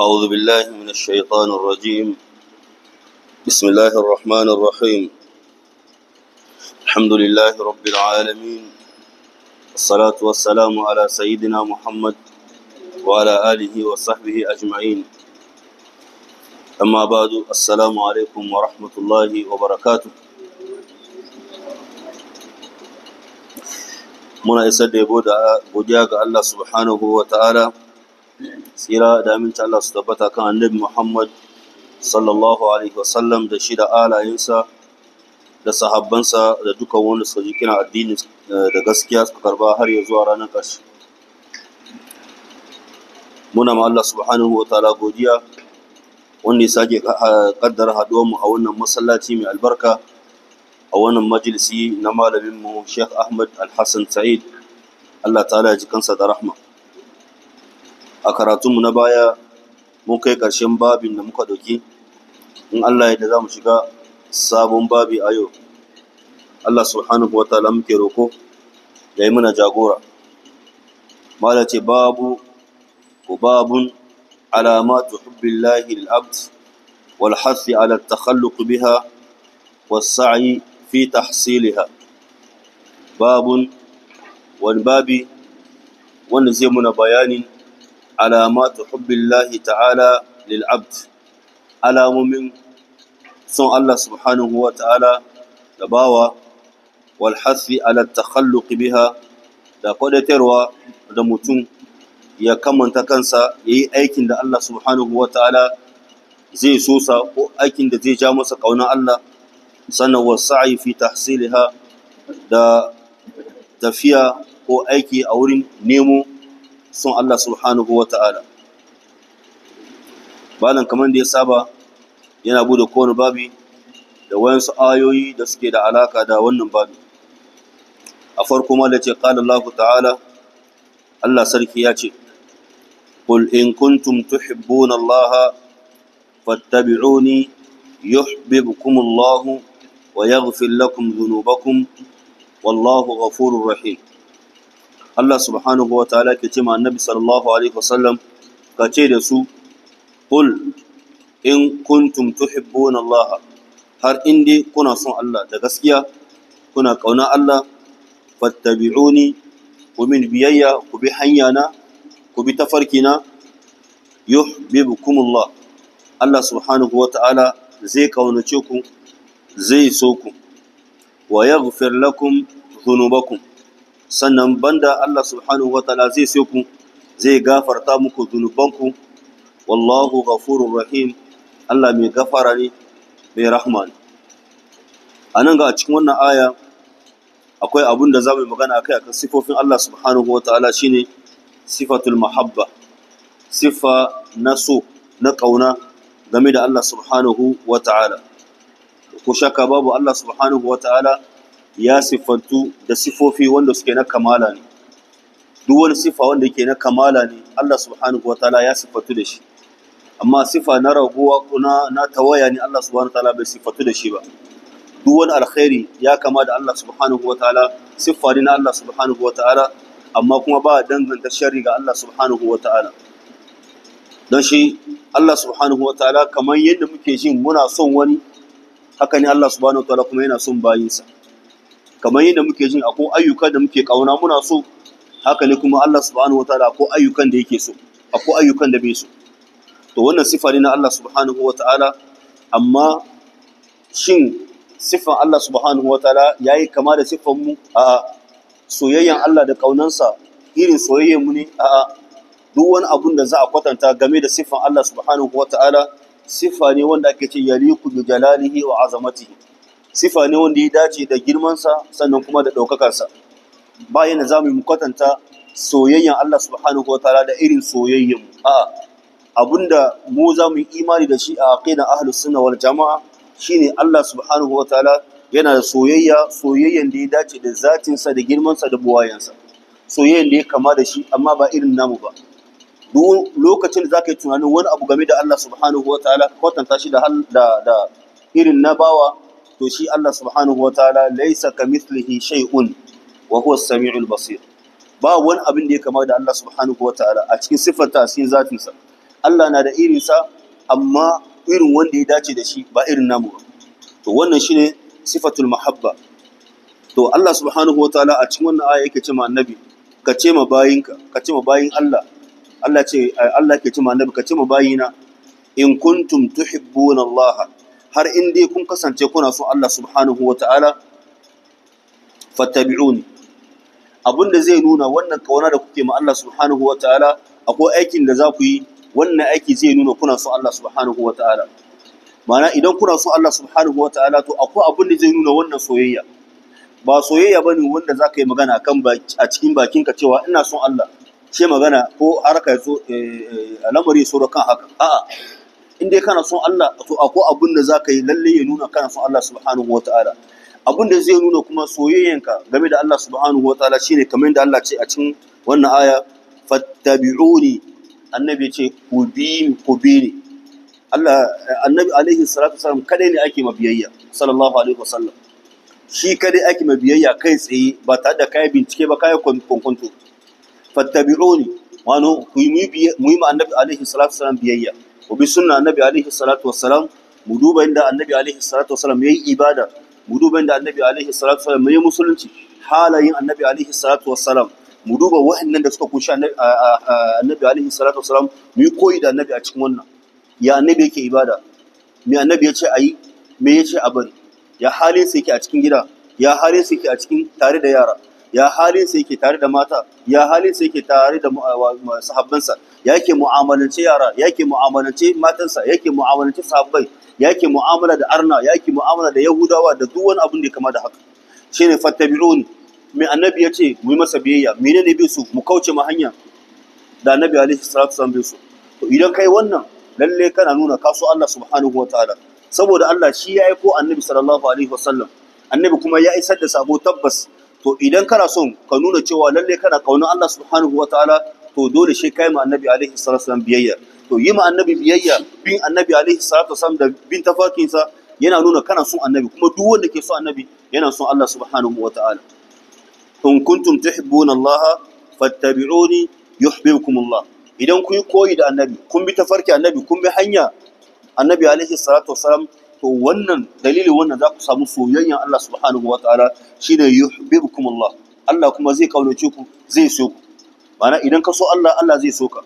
أعوذ بالله من الشيطان الرجيم بسم الله الرحمن الرحيم الحمد لله رب العالمين الصلاة والسلام على سيدنا محمد وعلى آله وصحبه أجمعين أما بعد السلام عليكم ورحمة الله وبركاته muna isar da yabo الله سبحانه وتعالى tsira da aminci Allah su tabbata kan annabi Muhammad sallallahu alaihi wasallam da shi da alayensa da sahabbansa da duka wanda suka ji kina addini eh, da gaskiya suka karba har ya zuwa ranar ƙarshe muna ma Allah subhanahu wa ta'ala godiya wanda ya sake kaddara haɗuwar mu a wannan masallaci mai albarka a wannan majalisi na malaminmu Sheikh Ahmad Al-Hassan Sa'id Allah ta'ala ya ji kansa da rahma a karatunmu na baya mun kai ƙarshen babin da muka ɗauki in Allah yadda za mu shiga sabon babi a yau Allah subhanahu wa ta'ala muke roko ya yi mana jagora mala ce babu ko babun alamatu hubbillahi lil'abd wal hasi ala takhalluq biha was sa'i fi tahsiliha babun wani babi wanda zai muna bayanin alamatu hubbillahi ta'ala lil abd alamomin son Allah subhanahu wa ta'ala da bawa wal hasfi ala takhalluq biha da kwadatarwa da mutum ya kamanta kansa yayi aikin da Allah subhanahu wa ta'ala zai so sa ko aikin da zai ja masa ƙaunar Allah sannan wasa'i fi tahsiliha da tafiya ko aiki a wurin nemo son Allah subhanahu wa ta'ala balan kamar da ya saba yana bude kowane babi da wayansu ayoyi da suke da alaka da wannan babi a farko ma da ce qala Allah ta'ala Allah sarki ya ce Kul in kuntum tuhibbuna Allah fattabi'uni yuhibbukum Allah wa yaghfir lakum dhunubakum wallahu ghafurur rahim Allah subhanahu wa ta'ala ke ce ma annabi sallallahu alaihi wasallam ka ce da su qul in kuntum tuhibbuna Allah har in dai kuna son Allah da gaskiya kuna kauna Allah fattabi'uni ku min biyayya ku bi hanyana ku bi tafarkina yuhibbukumullah Allah subhanahu wa ta'ala zai kaunace ku zai so ku wa yaghfir lakum dhunubakum sannan banda Allah subhanahu wa ta'ala zai sai ku zai gafarta muku zunubanku wallahu ghafurur rahim Allah mai gafara ne mai rahman a nan ga a cikin wannan aya akwai abun da za mu magana akai akan sifofin Allah subhanahu wa ta'ala shine sifatul mahabba siffa na so na ƙauna game da Allah subhanahu wa ta'ala ko shaka babu Allah subhanahu wa ta'ala ya siffantu da sifofi wanda suke na kamala ne duk wani sifa wanda yake na kamala ne Allah subhanahu wataala ya siffantu da shi amma sifa na raguwa kuna na tawaya ne Allah subhanahu wataala bai siffantu da shi ba duk wani alkhairi ya kama da Allah subhanahu wataala siffa ne na Allah subhanahu wataala amma kuma ba danganta sharri ga Allah subhanahu wataala don shi Allah subhanahu wataala kamar yadda muke jin muna son wani haka ne Allah subhanahu wataala kuma yana son bayinsa kamar yadda muke jin ko ayyuka da muke kauna muna so haka ne kuma Allah subhanahu wataala ko ayyukan da yake so ko ayyukan da bai so to wannan sifa ne na Allah subhanahu wataala amma shin siffan Allah subhanahu wataala yayi kama da sifan mu a soyayyan Allah da kaunansa irin soyayyan mu ne a duk wani abun da za a kwatanta game da sifan Allah subhanahu wataala siffa ne wanda ake ce yaliku bi jalalihi wa azamatihi sifa ne wanda ya dace da girmansa sannan kuma da ɗaukakarsa bayan da za mu kwatanta soyayyan Allah subhanahu wa ta'ala da irin soyayyan mu a abinda mu za mu imani da shi a aqida ahlus sunna wal jama'a shine Allah subhanahu wa ta'ala yana da soyayya soyayyan da ya dace da zatinsa da girmansa da buwayensa. soyayyan da ya kama da shi amma ba irin namu ba duk lokacin da zaka yi tunanin wani abu game da Allah subhanahu wa ta'ala kwatanta shi da da irin na bawa to shi Allah subhanahu wa ta'ala laisa kamithlihi shay'un wa huwa as-sami'ul basir ba wani abin da ya kama da Allah subhanahu wa ta'ala a cikin siffarta a cikin zatinsa Allah na da irinsa amma irin wanda ya dace da shi ba irin namu ba to wannan shine sifatul mahabba to Allah subhanahu wa ta'ala a cikin wannan aya yake cewa annabi ka ce ma bayinka ka ce ma bayin Allah Allah ce Allah ke ce ma annabi ka ce ma bayina in kuntum tuhibbuna Allah har in dai kun kasance kuna son Allah subhanahu wa ta'ala fattabi'uni abinda zai nuna wannan kauna da kuke ma Allah subhanahu wa ta'ala akwai aikin da za ku yi wannan aiki zai nuna kuna son Allah subhanahu wa ta'ala mana idan kuna son Allah subhanahu wa ta'ala to akwai abin da zai nuna wannan soyayya ba soyayya bane wanda za ka yi magana kan a cikin bakinka cewa ina son Allah shi magana ko harka ya so eh, eh, al'amari ya so kan haka a'a in dai kana son Allah to akwai abin da zaka yi lalle ya nuna kana son Allah subhanahu wataala abin da zai nuna kuma soyayyanka game da Allah subhanahu wataala shine kamar da Allah ce a cikin wannan aya fattabi'uni annabi ce ku bi ku bi ni Allah annabi alaihi salatu wasallam kadai ne ake mabiyayya sallallahu alaihi wasallam shi kadai ake mabiyayya kai tsaye ba tare da kai bincike ba kai kwankwanto fattabi'uni wano ku yi mu yi annabi alaihi salatu wasallam biyayya ubi sunna annabi alaihi salatu wassalam mu duba inda annabi alaihi salatu wassalam yayi ibada mu duba inda annabi alaihi salatu wassalam yayi musulunci halayen annabi alaihi salatu wassalam mu duba wa'annan da suka kunshi annabi alaihi salatu wassalam mu yi koyi da annabi a cikin wannan ya annabi yake ibada me annabi ya ce ayi me ya ce a bari ya halin sa yake a cikin gida ya halin sa yake a cikin tare da yara ya halin yake tare da mata ya halin yake tare da sahabbansa yake mu'amalance yara yake mu'amalance matansa yake mu'amalance sahabbai yake mu'amala da arna yake mu'amala da yahudawa da duk wani abin da ya kama da haka shine fattabi'un mai annabi ya ce mu yi masa biyayya menene bi su mu kauce ma hanya da annabi alaihi salatu wasallam bi su idan kai wannan lalle kana nuna kaso Allah subhanahu wataala saboda Allah shi ya aiko annabi sallallahu alaihi wasallam annabi kuma ya isar da sabo tabbas to idan kana son ka nuna cewa lalle kana kaunar Allah subhanahu wataala to dole shi kai ma annabi alaihi salatu wasallam biyayya to yi ma annabi biyayya bin annabi alaihi salatu wasallam da bin tafakinsa yana nuna kana son annabi kuma duk wanda ke son annabi yana son Allah subhanahu wataala in kuntum tuhibbuna Allah fattabi'uni yuhibbukum Allah idan kun koyi da annabi kun bi tafarki annabi kun bi hanya annabi alaihi salatu wasallam to wannan dalilin wannan za ku samu soyayyan Allah subhanahu wa ta'ala shine yuhibbukum Allah Allah kuma zai kaunace ku zai so ku ma'ana idan ka so Allah Allah zai so ka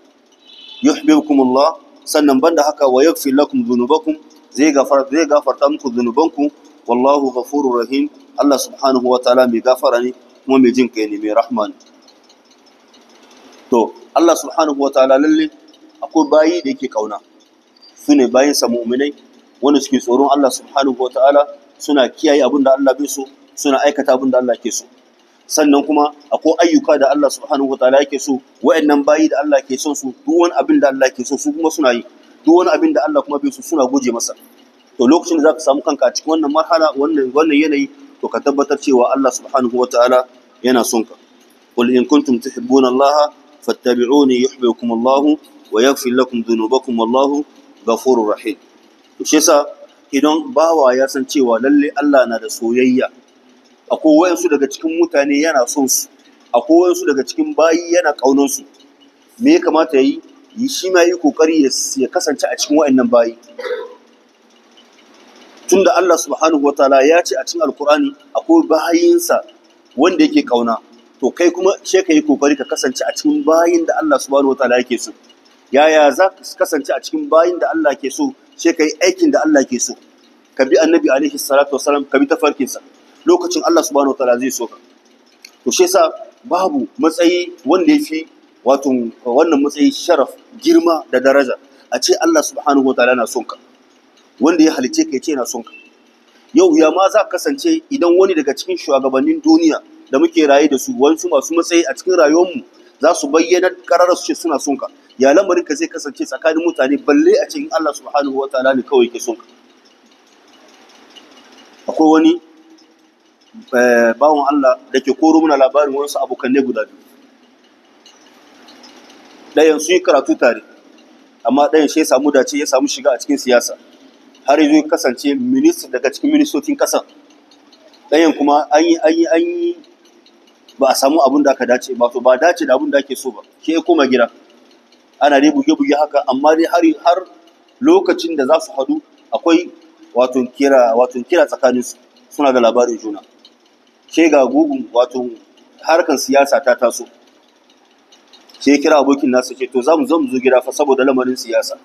yuhibbukum Allah sannan banda haka wa yaghfir lakum dhunubakum zai gafarta zai gafarta muku dhunubanku wallahu ghafurur rahim Allah subhanahu wa ta'ala mai gafara ne kuma mai jin kai ne mai rahman to Allah subhanahu wa ta'ala lalle akwai bayi da yake kauna su ne bayin sa mu'minai wanda suke tsoron Allah subhanahu wataala suna kiyaye abin da Allah bai so suna aikata abin da Allah ke so sannan kuma akwai ayyuka da Allah subhanahu wataala yake so wayannan bayi da Allah ke son su duk wani abin da Allah ke so su kuma suna yi duk wani abin da Allah kuma bai so suna guje masa to lokacin da zaka samu kanka a cikin wannan marhala wannan wannan yanayi to ka tabbatar cewa Allah subhanahu wataala yana son ka qul in kuntum tuhibbuna Allah fattabi'uni yuhibbukum Allah wa yaghfir lakum dhunubakum wallahu ghafurur rahim to shi idan bawa ya san cewa lalle Allah na da soyayya akwai wayansu daga cikin mutane yana son su akwai wayansu daga cikin bayi yana kaunar su me ya kamata yayi yi shi ma yi kokari ya kasance a cikin wayannan bayi tunda Allah subhanahu wataala ya ce a cikin alqur'ani akwai bayinsa wanda yake kauna to kai kuma she ka yi kokari ka kasance a cikin bayin da Allah subhanahu wataala yake so yaya za ka kasance a cikin bayin da Allah ke so sai ka yi aikin da Allah ke so ka bi annabi alaihi salatu wasalam ka bi tafarkinsa lokacin Allah subhanahu wataala zai so ka to shi yasa babu matsayi wanda yafi wato wannan matsayi sharaf girma da daraja a ce Allah subhanahu ta'ala na son ka wanda ya halice ka ya ce na son ka yau ya ma za kasance idan wani daga cikin shugabannin duniya da muke raye da su wasu masu matsayi a cikin rayuwarmu za su bayyana kararar ce suna son ka ya lamarin ka zai kasance tsakanin mutane balle a cikin Allah subhanahu wa ta'ala ne kawai ke son ka akwai wani eh, bawon Allah da ke koro muna labarin wasu abokan ne guda biyu ɗayan sun yi karatu tare amma ɗayan shi ya samu dace ya samu shiga a cikin siyasa har yanzu kasance minista daga cikin ministocin ƙasa ɗayan kuma an yi an yi an yi ba a samu abin da aka dace ba to ba dace da abin da ake so ba ke koma gida ana dai buge-buge haka amma dai har har lokacin da za su haɗu akwai wato kira wato tsakanin su suna da labarin juna ke ga gugun wato harkan siyasa ta taso sai kira abokin nasa ce to za mu zo mu zo gida fa saboda lamarin siyasa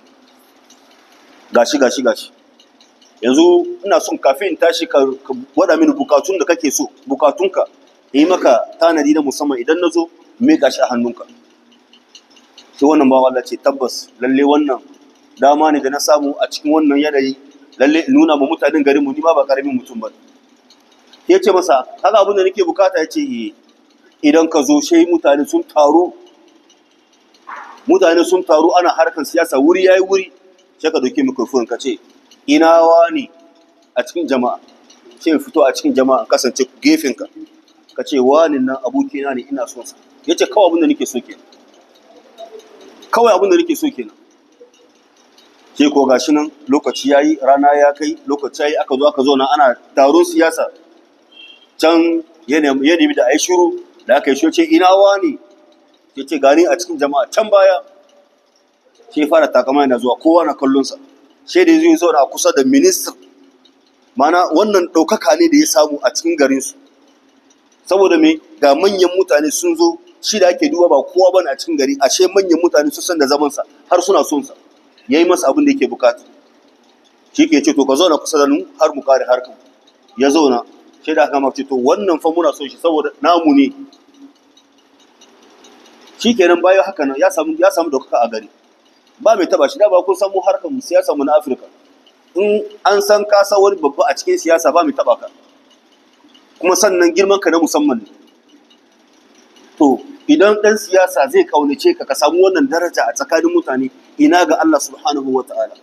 gashi gashi gashi yanzu ina son kafin in tashi ka gwada mini bukatun da kake so bukatunka yi maka tanadi na musamman idan na zo me gashi a hannunka shi wannan ba Allah ce tabbas lalle wannan dama ne da na samu a cikin wannan yanayi lalle nuna ba mutanen garin mu ni ba ba karamin mutum ba ya ce masa kaga abin da nake bukata ya ce eh, idan ka zo shi mutane sun taro mutane sun taro ana harkar siyasa wuri yayi wuri sai ka dauki microphone ka ce ina wani a cikin jama'a sai fito a cikin jama'a kasance gefen ka ka ce wani nan abokina ne ina so sa ce kawai abin da nake so kenan kawai abin da nake so kenan ke ko gashi nan lokaci yayi rana ya kai lokaci yayi aka zo aka zo nan ana taron siyasa can ya nemi da ai shiru da aka yi shoce ina wani Ke ce gani a cikin jama'a can baya shi fara takama yana zuwa kowa na kallonsa shi da zai zo a kusa da minista mana wannan ɗaukaka ne da ya samu a cikin garinsu saboda me ga manyan mutane sun zo shi da ake duba ba kowa bane a cikin gari ashe manyan mutane su san da zaman sa har suna son sa yayi masa abin da yake bukata shi ke ce to ka zauna kusa da mu har mu kare kan ya zauna shi da aka mace to wannan fa muna son shi saboda namu ne shikenan bayan haka nan ya samu ya samu dokaka a gari ba mai taba shi da ba kun san mu harkan mu siyasa mu na Afirka in an san ka sa wani babba a cikin siyasa ba mai taba ka kuma sannan girman ka na musamman ne to idan ɗan siyasa zai kaunace ka ka samu wannan daraja a tsakanin mutane ina ga Allah subhanahu wa ta'ala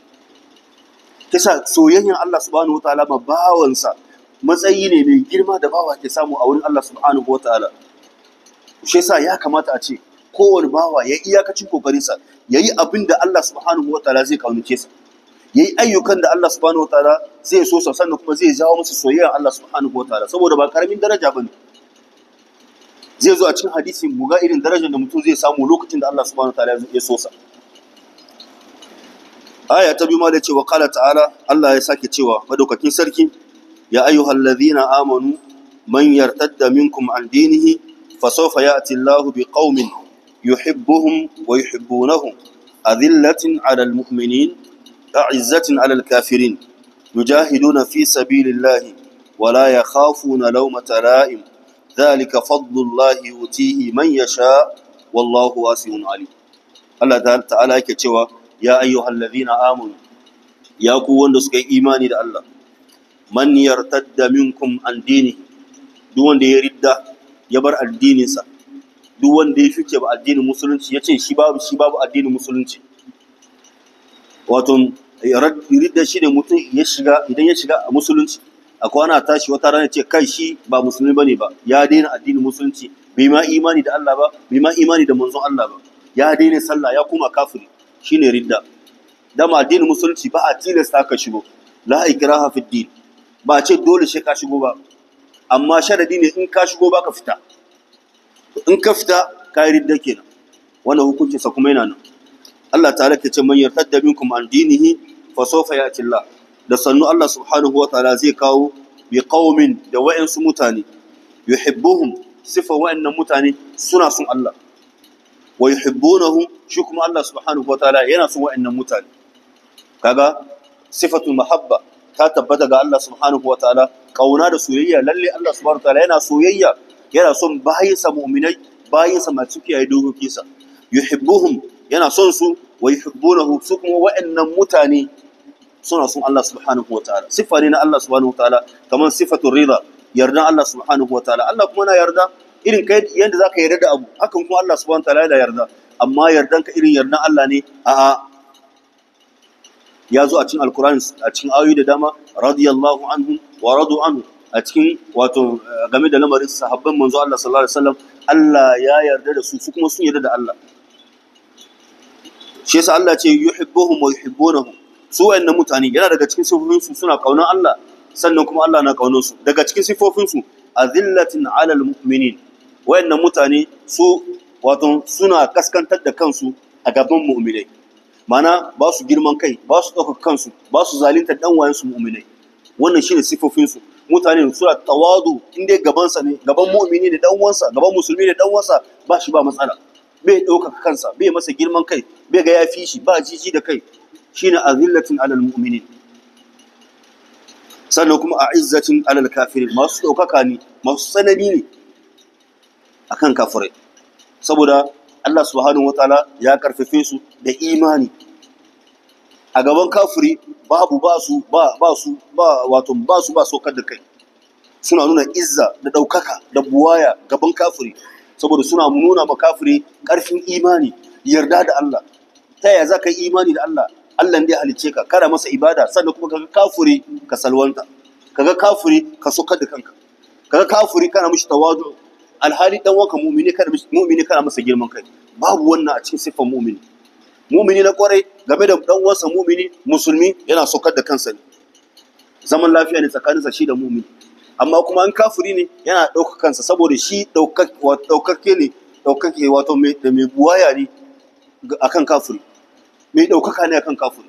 kisa soyayyen Allah subhanahu wa ta'ala ma bawansa matsayi ne mai girma da bawa ke samu a wurin Allah subhanahu wa ta'ala shi yasa ya kamata a ce kowane bawa ya iyakacin kokarinsa ya yi abin da Allah subhanahu wa ta'ala zai kaunace sa ya yi ayyukan da Allah subhanahu wa ta'ala zai so sa sannan kuma zai jawo musu soyayyar Allah subhanahu wa ta'ala saboda ba karamin daraja bane zai zo a cikin hadisi mu ga irin darajar da mutum zai samu lokacin da Allah subhanahu wataala ya so sa aya ta biyu ma da cewa qala ta'ala Allah ya sake cewa madaukakin sarki ya ayyuhal ladhina amanu man yartadda minkum an dinihi fasawfa ya'ti Allahu biqaumin yuhibbuhum wa yuhibbunahum adillatin 'alal mu'minin a'izzatin 'alal kafirin yujahiduna fi sabilillahi wa la yakhafuna lawmata ra'im ذلك فضل الله يؤتيه من يشاء والله واسع عليم Allah ta'ala yake cewa ya ayyuhal ladhina amanu ya ku wanda suka yi imani da Allah man yartadda minkum an dini duk wanda ya ridda ya bar addininsa duk wanda ya fice ba addinin musulunci ya ce shi babu shi babu addinin musulunci wato ridda shi ne mutum ya shiga idan ya shiga a musulunci akwai ana tashi wata rana ce kai shi ba musulmi bane ba ya daina addinin musulunci bai ma imani da Allah ba bai ma imani da manzon Allah ba ya daina sallah ya kuma kafiri shine ridda dama addinin musulunci ba a tilasta ka shigo la ikraha fi din ba ce dole sai ka shigo ba amma sharadi ne in ka shigo ba ka fita in ka fita kai ridda kenan wannan sa kuma yana nan Allah ta'ala ta ce man yartadda minkum an dinihi fa sawfa ya'ti Allah da sannu Allah subhanahu wa ta'ala zai kawo bi qaumin da wa'ansu mutane yuhibbuhum sifa wa'annan mutane suna son Allah wa yuhibbunahum shi kuma Allah subhanahu wa ta'ala yana son wa'annan mutane kaga sifatul mahabba ta tabbata ga Allah subhanahu wa ta'ala kauna da soyayya lalle Allah subhanahu wa ta'ala yana soyayya yana son bayinsa mu'minai bayinsa masu kiyaye dokokinsa yuhibbuhum yana son su wa yuhibbunahu su kuma wa'annan mutane suna son Allah subhanahu wataala siffa ne na Allah subhanahu wataala kamar sifatun rida yardan Allah subhanahu wataala Allah kuma na yarda irin kai yanda zaka yarda da abu hakan kuma Allah subhanahu wataala yana yarda amma yardan ka irin yardan Allah ne a'a ya zo a cikin alkur'ani a cikin ayoyi da dama radiyallahu anhu wa radu anhu a cikin wato eh, game da lamarin sahabban manzo Allah sallallahu alaihi wasallam Allah ya yarda da su su kuma sun yarda da Allah shi yasa Allah ce yuhibbuhum wa yuhibbunahu su wayannan mutane yana daga cikin sifofinsu suna kaunan Allah sannan kuma Allah na ƙaunar su daga cikin sifofinsu azillatin alal mu'minin wayannan mutane su wato suna kaskantar da kansu a gaban mu'minai mana ba su girman kai ba su ɗaukar kansu ba su zalinta dan wayansu mu'minai wannan shine sifofinsu mutane suna tawadu in dai gabansa ne gaban mu'mini da dan uwansa gaban musulmi da dan uwansa ba shi ba matsala bai ɗaukaka kansa bai masa girman kai bai ga ya shi ba jiji da kai shine azillatin alal mu'minin sannan kuma a izzatin alal kafirin masu ɗaukaka ne masu tsanani ne a kan kafirai saboda Allah subhanahu wataala ya karfafe su da imani a gaban kafiri babu ba su ba ba su ba wato ba su ba saukar da kai suna nuna izza da ɗaukaka da buwaya gaban kafiri saboda suna nuna ma kafiri ƙarfin imani yarda da Allah ta yaya za ka yi imani da Allah Allah ne halice ka kara masa ibada sannan kuma kaga kafuri ka salwanta kaga kafuri ka sokar da kanka kaga kafuri kana mishi tawadu alhali dan wanka mu'mini kana mishi mu'mini kana masa girman kai babu wannan a cikin sifan mu'mini mu'mini na kwarai game da dan uwansa mu'mini musulmi yana sokar da kansa ne zaman lafiya ne tsakaninsa shi da mu'mini amma kuma an kafuri ne yana ɗaukar kansa saboda shi ɗaukake ne ke wato mai buwaya ne akan kafuri mai ɗaukaka ne akan kafin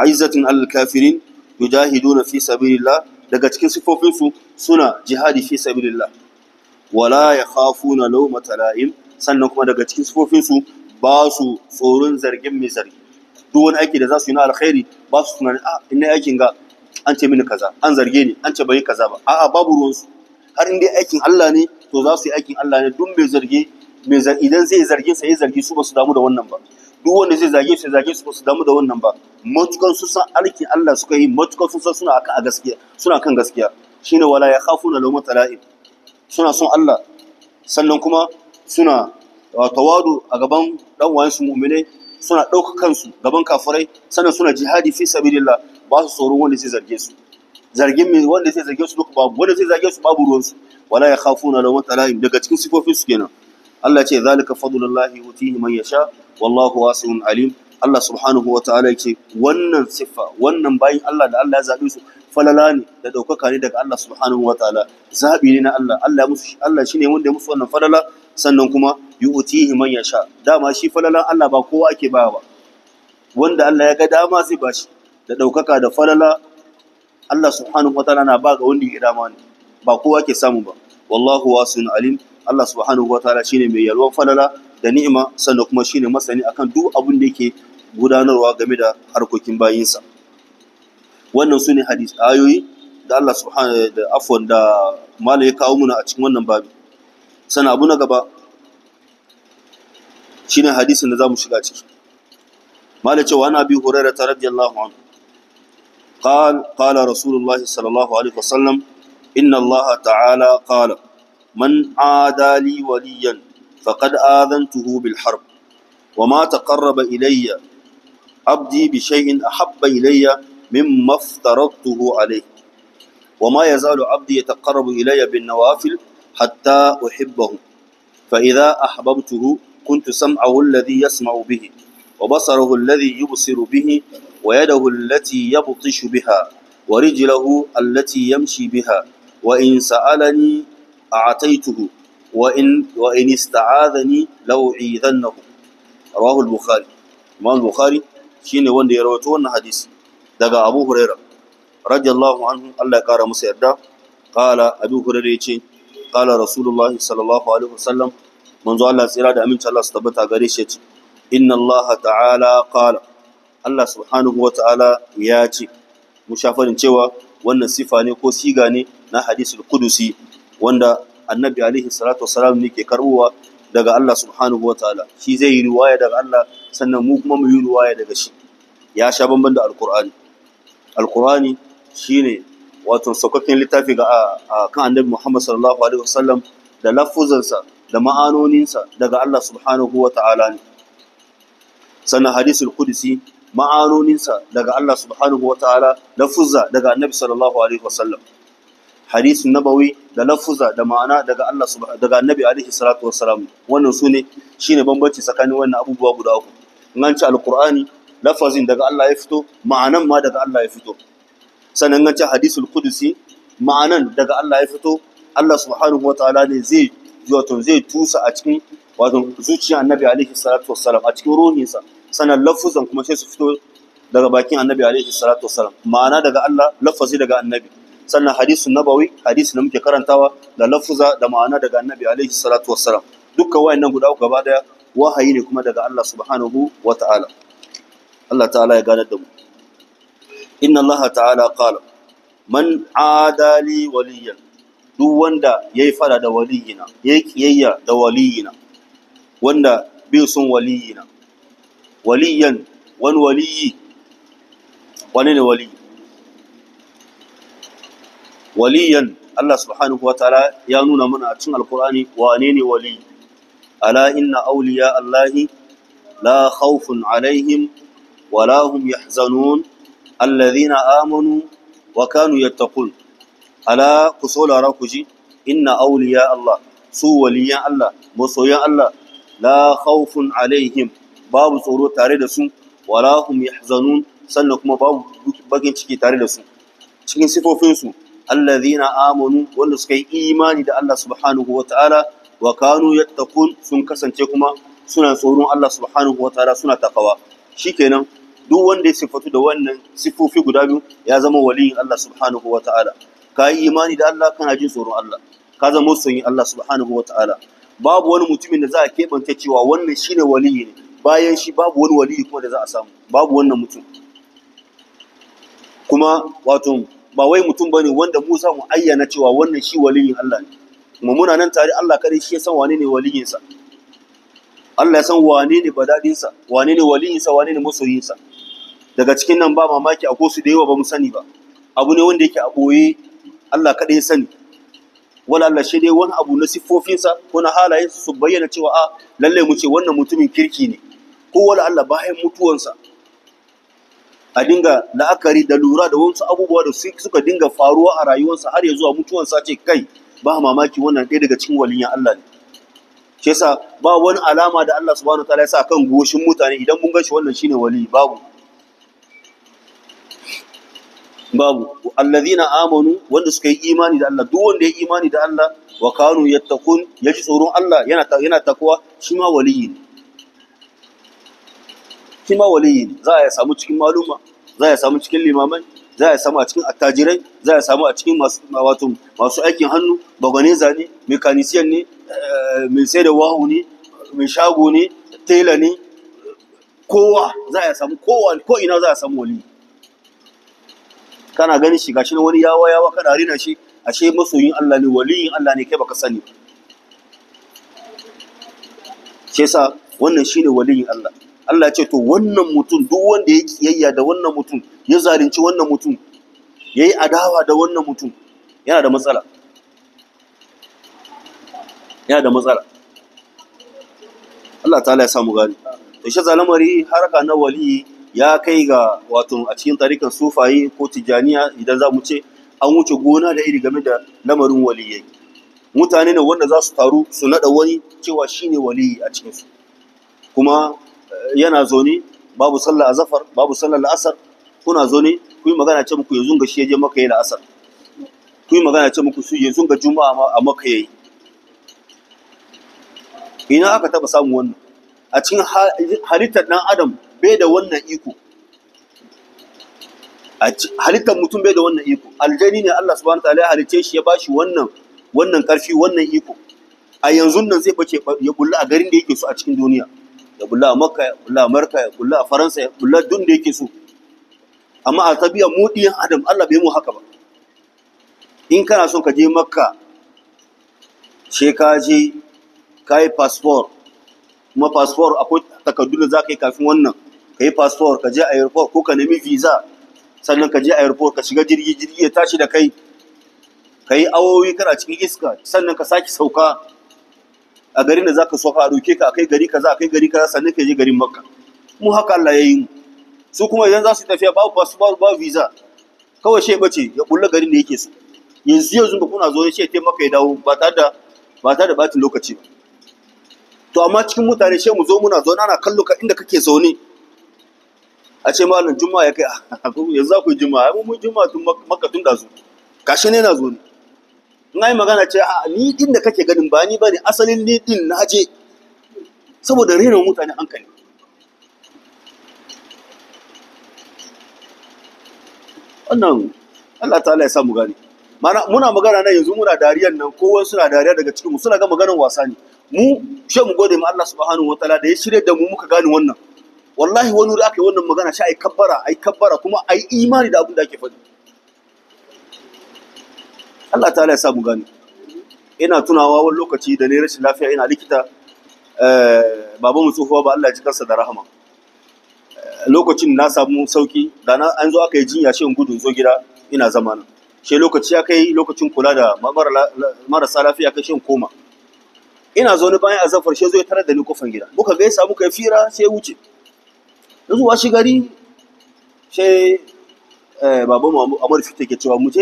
aizatin alkafirin yujahiduna fi sabilillah daga cikin sifofinsu suna jihadi fi sabilillah wala ya yakhafuna lawmata la'im sannan kuma daga cikin sifofinsu ba su tsoron zargin mai zargi duk wani aiki da za su yi na alkhairi ba su tunanin a ah, ina aikin ga an ce mini kaza an zarge ni an ce bai kaza ba a'a babu ruwansu har in dai aikin Allah ne to za su yi aikin Allah ne duk mai zargi idan zai zargin sa, sai zargi su ba su damu da wannan ba duk wanda zai zage su zage su su damu da wannan ba matukan su san alkin Allah suka yi matukan su san suna akan gaskiya suna kan gaskiya shine wala ya na lawma tala'ib suna son Allah sannan kuma suna ah, tawadu a gaban dan wayansu mu'minai suna ɗauka kansu gaban kafirai sannan suna jihadi fi sabilillah ba su tsoron wanda zai zarge su zargin mai wanda zai zarge su duka babu wanda zai zarge su babu ruwan su, wala ya na lawma tala'ib daga cikin sifofin su kenan Allah ya ce zalika fadlullahi yutihi man yasha wallahu wasi'un alim Allah subhanahu wa ta'ala yake wannan siffa wannan bayin Allah da Allah ya zabe su falala ne da daukaka ne daga Allah subhanahu wa ta'ala zabi ne na Allah Allah musu Allah shine wanda ya musu wannan falala sannan kuma yu'tihi man yasha dama shi falala Allah ba kowa ake ba ba wanda Allah ya ga dama ba shi. da daukaka da falala Allah subhanahu wa ta'ala na ba ga wanda ya dama ne ba kowa ke samu ba wallahu wasi'un alim Allah subhanahu wa ta'ala shine mai yalwan falala da ni'ima sannan kuma shine masani akan duk abin da yake gudanarwa game da harkokin bayinsa wannan su ne hadis ayoyi da Allah subhanahu da afwan da malai ya kawo muna a cikin wannan babu sannan abu na gaba shine hadisin da zamu shiga ciki malai cewa ana bi hurairah radiyallahu anhu قال قال رسول الله صلى الله عليه وسلم إن الله تعالى قال من عادى لي وليا فقد آذنته بالحرب وما تقرب إلي عبدي بشيء أحب إلي مما افترضته عليه وما يزال عبدي يتقرب إلي بالنوافل حتى أحبه فإذا أحببته كنت سمعه الذي يسمع به وبصره الذي يبصر به ويده التي يبطش بها ورجله التي يمشي بها وإن سألني أعطيته وإن وإن استعاذني لأعيذنه رواه البخاري إمام البخاري shine wanda ya rawaito wannan hadisi daga Abu Hurairah radiyallahu anhu Allah ya kara masa yarda qala Abu Hurairah yace qala Rasulullah sallallahu alaihi wasallam manzo Allah tsira da aminci Allah su tabbata a shi yace inna Allah ta'ala qala Allah subhanahu wa ta'ala ya ce mushafarin cewa wannan sifa ko siga ne na hadisul qudusi wanda annabi alaihi salatu wasalam ne ke karbowa daga Allah subhanahu wataala shi zai yi riwaya daga Allah sannan mu kuma mu yi riwaya daga shi ya sha bamban da alqur'ani alqur'ani shine wato saukakken littafi ga kan annabi Muhammad sallallahu alaihi wasallam da lafuzansa da ma'anoninsa daga Allah subhanahu wataala ne sannan hadisul qudsi ma'anoninsa daga Allah subhanahu wataala lafuzza daga annabi sallallahu alaihi wasallam hadisin nabawi da lafuza da ma'ana daga Allah daga annabi alaihi salatu wassalam wannan su ne shine bambanci tsakanin wannan abubuwa guda uku in an ci alqur'ani lafazin daga Allah ya fito ma'anan ma daga Allah ya fito sannan an ci hadisul qudusi ma'anan daga Allah ya fito Allah subhanahu wataala ne zai wato zai tusa a cikin wato zuciyar annabi alaihi salatu wassalam a cikin ruhinsa sannan lafuzan kuma sai su fito daga bakin annabi alaihi salatu wassalam ma'ana daga Allah lafazi daga annabi sannan hadisun nabawi hadisi da muke karantawa da lafuza da ma'ana daga annabi alaihi salatu wassalam dukkan wayannan guda uku gaba daya wahayi ne kuma daga Allah subhanahu wa Allah ta'ala ya ganar da mu inna Allah ta'ala qala man adali waliyan duk wanda yayi faɗa da waliyina yayi kiyayya da waliyina wanda bi sun waliyina waliyan wani waliyi wani ne waliyi waliyan Allah subhanahu wataala ya nuna mana a cikin alkur'ani wane ne wali ala inna awliya allahi la khawfun alaihim wala hum yahzanun alladhina amanu wa kanu yattaqun ala ku saurara ku ji inna awliya Allah su waliyan Allah masoyan Allah la khawfun alaihim babu tsoro tare da su wala hum yahzanun sannan kuma babu bakin ciki tare da su cikin sifofinsu alladhina amanu wanda suka yi imani da Allah subhanahu wataala wa kanu yattaqun sun kasance kuma suna tsoron Allah subhanahu wataala suna takawa shikenan duk wanda ya sifatu da wannan sifofi guda biyu ya zama waliyin Allah subhanahu wataala ka yi imani da Allah kana jin tsoron Allah ka zama musulmi Allah subhanahu wataala babu wani mutumin da za a keɓanta cewa wannan shine waliyi ne bayan shi babu wani waliyi kuma da za a samu babu wannan mutum kuma wato ba wai mutum bane wanda musa mu ayyana cewa wannan shi waliyin Allah ne kuma muna nan tare Allah kare shi ya san wane ne waliyin sa Allah ya san wane ne badadin sa wane ne waliyin sa wane ne masoyin sa daga cikin nan ba mamaki akwai su da yawa ba mu sani ba abu ne wanda yake a boye Allah kaɗai ya sani wala Allah shi dai wani abu na siffofinsa ko na halayen su bayyana cewa a ah, lalle mu ce wannan mutumin kirki ne ko wala Allah bayan mutuwansa a dinga la'akari da lura da wasu abubuwa da suka dinga faruwa a rayuwarsa har ya zuwa mutuwarsa ce kai ba mamaki wannan ɗaya daga cikin waliyan Allah ne shi yasa ba wani alama da Allah subhanahu ta'ala ya sa kan goshin mutane idan mun gashi wannan shine wali babu babu allazina amanu wanda suka yi imani da Allah duk wanda ya yi imani da Allah wa kanu yattaqun yaji tsoron Allah yana yana takwa shi ma waliyi ne shi ma waliyi ne za a samu cikin maluma za a samu cikin limamai za a samu a cikin attajirai za a samu a cikin wato masu aikin hannu baganeza ne mekanisiyan ne eh, mai sai da wahu ne mai shago ne tela ne kowa za a samu kowa ko ina za a samu wali kana ganin shi gashi wani yawa yawa kana rina shi ashe masoyin Allah ne waliyin Allah ne kai baka sani shi yasa wannan shine waliyin Allah Allah ya ce to wannan mutum duk wanda ya kiyayya da wannan mutum ya zalunci wannan mutum ya yi adawa da wannan mutum yana da matsala yana da matsala Allah ta ya samu gani da shi zalamari haraka na wali ya kai ga wato a cikin tarikan sufaye ko tijaniya idan za mu ce an wuce gona da iri game da lamarin waliyyai? mutane ne wanda za su taru su naɗa wani cewa shine waliyi a cikinsu kuma yana zaune babu sallah azafar babu sallah la'asar kuna zaune ku yi magana ce muku yanzu ga shi yaje maka yi la'asar ku yi magana ce muku su yanzu ga juma'a a maka yayi ina aka taba samu wannan a cikin halittar dan adam bai da wannan iko halittar mutum bai da wannan iko aljani ne Allah subhanahu wataala ya halice shi ya bashi wannan wannan karfi wannan iko a yanzu nan zai bace ya bulla a garin da yake so a cikin duniya ya bulla a makka ya bulla a marka ya bulla a faransa ya bulla duk da yake so amma a tabiya mu ɗiyan adam allah bai mu haka ba in kana son ka je makka she ka je ka yi fasfor kuma fasfor akwai takardu da za ka yi kafin wannan ka yi fasfor ka je airport ko ka nemi visa sannan ka je airport ka shiga jirgi jirgi ya tashi da kai ka yi awowi kana cikin iska sannan ka sake sauka a garin da za ka sofa a roke ka kai gari kaza kai gari kaza sannan ka je garin makka mu haka Allah ya yi su kuma idan za su tafiya babu basu babu ba visa kawai shi bace ya kulle garin da yake su yanzu yanzu ba kuna zo ya ce taimaka ya dawo ba tare da ba tare da batin lokaci ba to amma cikin mutane shi mu zo muna zo ana kallo ka inda kake zaune a ce malam juma'a ya kai ah, yanzu za ku yi juma'a mun juma'a tun makka tun da zo kashi ne na zo ne na yi magana ce a ni din da kake ganin ba ni ba ne asalin ni din na je saboda rena mutane hankali wannan Allah ta ya samu gani muna magana nan yanzu muna dariyan nan kowa suna dariya daga cikinmu suna ga maganar wasa ne mu she mu gode ma Allah subhanahu wataala da ya shirya da mu muka gane wannan wallahi wani wuri aka wannan magana sha ai kabbara ai kabbara kuma ai imani da abin da ake faɗi Allah ta ya samu gani ina tunawa wani lokaci da ne rashin lafiya ina likita eh, babu mu tsohuwa ba Allah ya ji kansa da rahama eh, lokacin na samu sauki da na an zo aka yi jinya shi gudun zo gida ina zama nan shi lokaci ya kai lokacin kula da marasa lafiya kai shin koma ina zaune bayan azafar shi zo ya tarar da ni kofan gida muka ga ya samu kai fira sai wuce yanzu shi gari sai Eh, babu mu Amar Fita ke cewa muje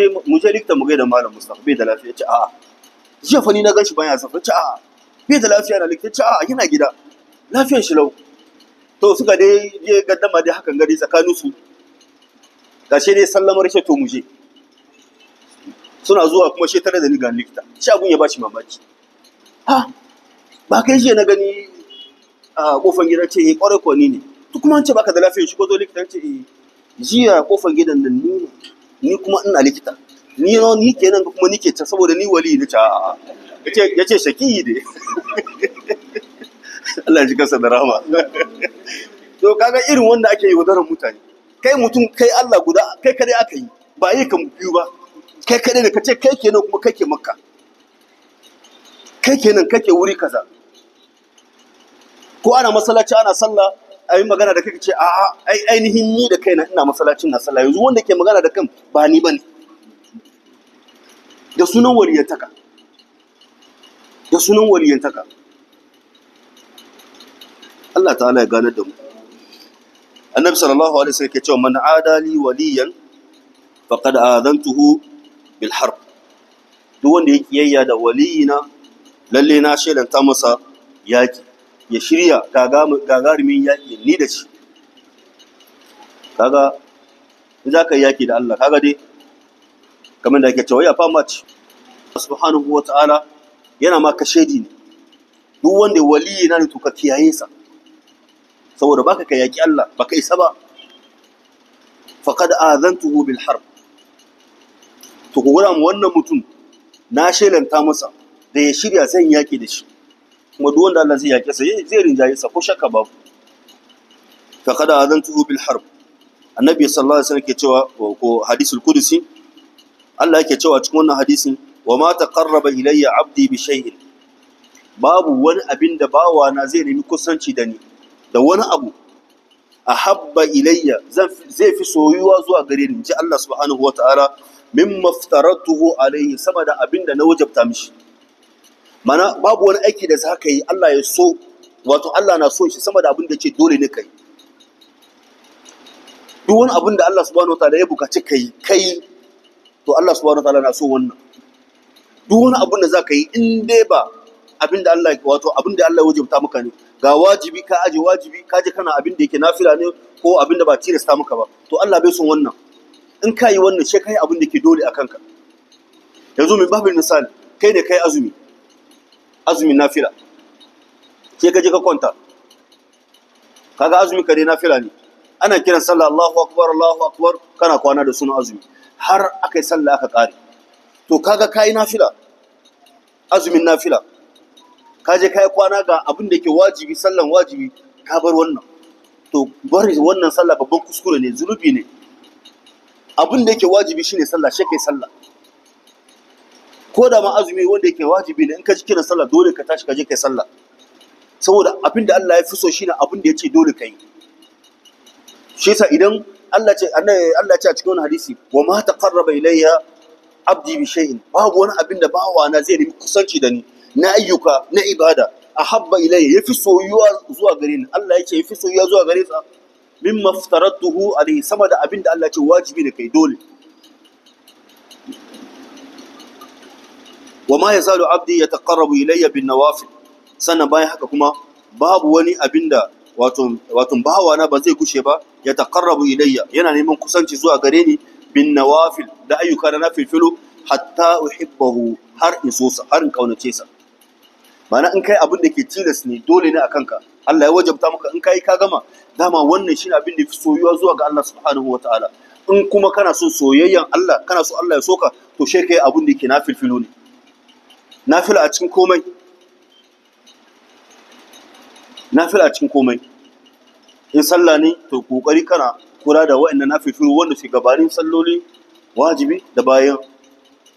likta mu je gaida malam Mustapha? bai da lafiya ce a'a jiya fani na gashi baya safa ce a'a bai da lafiya na likita ce a'a yana gida Lafiyan shi lau to suka dai je gaddama dai hakan gari tsakanin su gashe dai sallamar shi to muje suna zuwa kuma shi tare da ni ga likita shi abun ya bashi mamaki ha ba kai jiya na gani a kofan gida ce kwarai eh, kwani ne to kuma an ce baka da lafiyan shi ko zo likita ce eh jiya kofar gidan nan ni ni kuma ina likita ni ni kenan kuma nike ta saboda ni wali ne ta yace shaki ne Allah ji kansa da rahama to kaga irin wanda ake yi wadaran mutane kai mutum kai Allah guda kai kare aka yi ba yi kan biyu ba kai kare ne kace kai kenan kuma kai ke makka kai kenan kake wuri kaza ko ana masallaci ana sallah ayi magana da kai ce a ai ainihin ni da kaina ina masallacin na sallah yanzu wanda ke magana da kan ba ni bane da sunan wariyantaka da sunan wariyantaka Allah ta'ala ya ganar da mu annabi sallallahu alaihi wasallam ke cewa man adali waliyan faqad adantuhu bil harb duk wanda ya yayya da waliyina lalle na ta masa yaki ya shirya gagarumin yaƙi ni da shi kaga za ka yi yaƙi da Allah kaga dai kamar da ke cewa ya fama ci subhanahu wa ta'ala yana ma ka shaidi ne duk wanda wali yana da to ka kiyaye sa saboda baka ka yaƙi Allah baka isa ba faqad azantuhu bil harb to ku gura mu wannan mutum na shelanta masa da ya shirya zan yaƙi da shi kuma duk wanda Allah zai yake sa zai rinjaye sa ko shakka ba fa kada azantuhu bil harb annabi sallallahu alaihi wasallam ke cewa ko hadisul qudsi Allah yake cewa cikin wannan hadisin wa ma taqarraba ilayya abdi bi shay'in babu wani abin da bawa na zai nemi kusanci da ni da wani abu ahabba ilayya zai fi soyuwa zuwa gare ni ji Allah subhanahu wataala mimma aftaratuhu alayhi sama da abin da na wajabta mishi mana babu wani aiki da za ka yi Allah ya so wato Allah na so shi sama da abin da ce dole ne kai duk wani abin da Allah subhanahu wataala ya bukaci kai kai to Allah subhanahu wataala na so wannan duk wani abin da za ka yi in dai ba abin da Allah wato abin da Allah ya wajibta maka ne ga wajibi ka aje wajibi ka je kana abin da yake nafila ne ko abin da ba tilasta maka ba to Allah bai son wannan in ka yi wannan sai ka yi abin da ke dole a kanka yanzu min babin misali kai ne kai azumi azumin nafila ke ka je ka kwanta kaga azumin ka dai nafila ne ana kiran sallah Allahu akbar Allahu akbar kana kwana da sunan azumi har akai yi sallah aka kare to kaga kai nafila azumin nafila ka je kai kwana ga abin da yake wajibi sallan wajibi ka bar wannan to bari wannan sallah babban kuskure ne zulubi ne abin da yake wajibi shine sallah shi kai sallah ko da ma azumi wanda yake wajibi ne in ka ji kiran sallah dole ka tashi ka je kai sallah saboda abin da Allah ya fi so shine abin da ya ce dole ka yi shi yasa idan Allah ce Allah ce a cikin wani hadisi wa ma taqarraba ilayya abdi bi shay'in babu wani abin da bawa na zai nemi kusanci da ni na ayyuka na ibada ahabba ilayya yafi soyuwa zuwa gare ni Allah ya ce yafi soyuwa zuwa gare sa mimma aftaratuhu alayhi sama da abin da Allah ya ce wajibi ne kai dole wa ma yazalu abdi yataqarrabu ilayya bin nawafil sannan bayan haka kuma babu wani abinda wato wato na ba zai kushe ba Ya yataqarrabu ilayya yana neman kusanci zuwa gare ni bin nawafil da ayyuka na nafilfilu hatta uhibbahu har in so sa har in kaunace sa mana in kai abin da ke tilas ne dole ne a kanka Allah ya wajabta maka in kai ka gama dama wannan shine abin da fi soyuwa zuwa ga Allah subhanahu wataala in kuma kana so soyayyan Allah kana so Allah ya soka to shekai kai abin da ke nafilfilu ne Na fila a cikin komai na fila a cikin komai in sallah ne to kokari kana kula da wa'annan nafilu wanda su gabanin salloli wajibi da bayan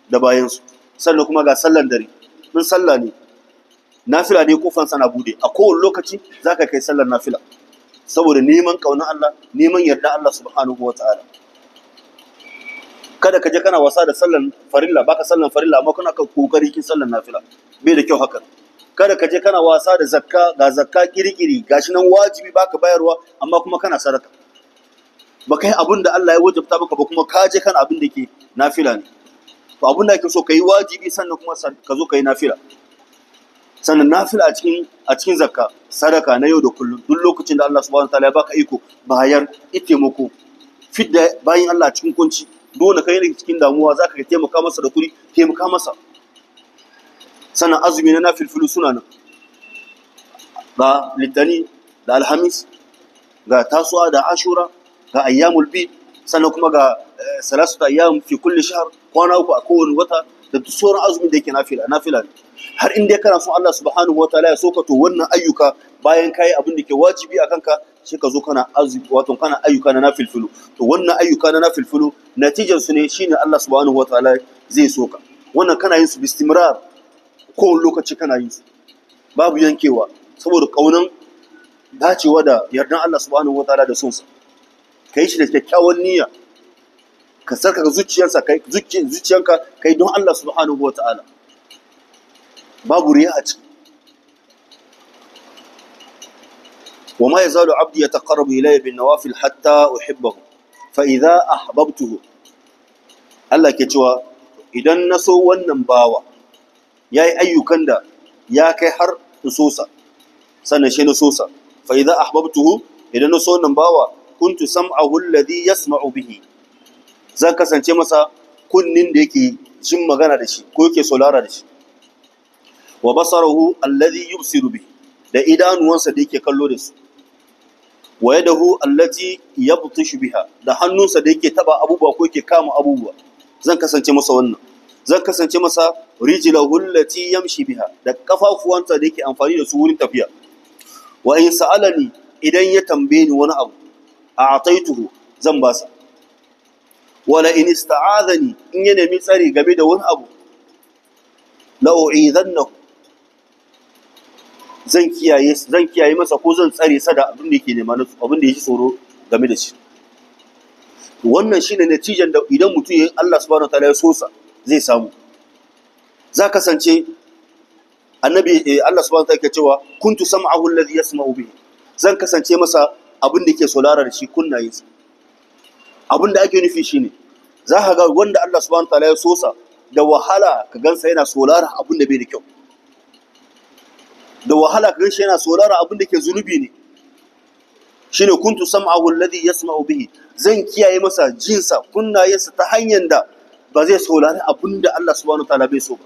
da bayan su sannan kuma ga sallan dare in sallah ne fila ne kofan sana bude a kowane lokaci zaka kai sallar nafila saboda neman kaunar Allah neman yarda Allah subhanahu wataala kada ka je kana wasa da sallan farilla baka sallan farilla amma kana kan kokari kin sallan nafila bai da kyau haka kada ka je kana wasa da zakka ga zakka kirkiri gashi nan wajibi baka bayarwa amma kuma kana sadaka ba kai abin da Allah ya wajabta maka ba kuma ka je kana abin da ke nafila ne to abin da ake so kai wajibi sannan kuma ka zo kai nafila sannan nafila a cikin a cikin zakka sadaka na yau da kullum duk lokacin da Allah subhanahu wataala ya baka iko bayar itaimako fidda bayin Allah cikin kunci dole kai ne cikin damuwa za ka taimaka masa da kuri taimaka masa sannan azumi na nafilfilu suna nan ga litani da alhamis ga tasuwa da ashura ga ayyamul bi sannan kuma ga eh, salasu da ayyam fi kulli shahr kwana uku a kowane wata da duk sauran azumin da yake nafila nafila har inda ya kana son Allah subhanahu wataala ya soka wannan ayyuka bayan kai abin da ke wajibi akan ka sai ka zo kana arziki wato kana ayyuka na nafilfilu to wannan ayyuka na nafilfilu natijar su ne shine Allah subhanahu wataala zai soka wannan kana yin su bistimrar ko lokaci kana yin su babu yankewa saboda kaunan dacewa da yardan Allah subhanahu wataala da sonsa kai shi da kyakkyawan niyya ka saka zuciyarsa kai zuciyanka kai don Allah subhanahu wataala babu riya a ciki وما يزال عبدي يتقرب إلي بالنوافل حتى أحبه فإذا أحببته الله كتوى idan na so wannan bawa ya yi ayyukan da ya kai har nusosa sannan shi nusosa fa idza ahbabtuhu idan na so wannan bawa kuntu sam'ahu alladhi yasma'u bihi zan kasance masa kunnin da yake jin magana da shi ko yake solara da shi wa basarahu alladhi yubsiru bihi da idanuwansa da yake kallo da su wa yadahu allati yabtishu biha da hannunsa da yake taba abubuwa ko yake kama abubuwa zan kasance masa wannan zan kasance masa rijila, allati yamshi biha da kafafuwansa da yake amfani da su wurin tafiya wa in sa'alani idan ya tambaye ni wani abu A a'taituhu zan basa wala in ista'adani in ya nemi tsari game da wani abu la u'idannahu zan kiyaye zan kiyaye masa ko zan tsare sa da abin da yake nema na abin da yake tsoro game da shi wannan shine natijan da idan mutum yayin Allah subhanahu wataala ya so sa zai samu za kasance annabi eh, Allah subhanahu wataala yake cewa kuntu sam'ahu alladhi yasma'u bihi zan kasance masa abin da yake solara da shi kunnayensa abin da ake nufi shine za ka ga wanda Allah subhanahu wataala ya so sa da wahala ka gansa yana solara abin da bai da kyau da wahala kan shi yana saurara abin da ke zunubi ne shine kuntu sam'ahu alladhi yasma'u bihi zan kiyaye masa jinsa kunnayensa ta hanyar da ba zai saurari abin da Allah subhanahu wataala bai so ba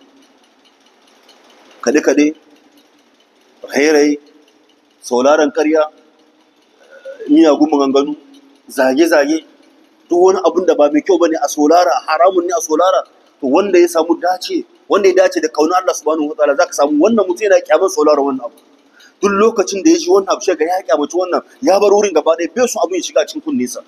kade kade hairai, sauraron ƙarya miyagun maganganu zage zage duk wani abin da ba mai kyau bane a saurara haramun ne a saurara to wanda ya samu dace wanda ya dace da kaunar Allah subhanahu wataala zaka samu wannan mutum yana kyaman sauraron wannan abu duk lokacin da ya ji wannan abu shi ga ya kyamaci wannan ya bar wurin gaba ɗaya bai su abin ya shiga cikin kunnensa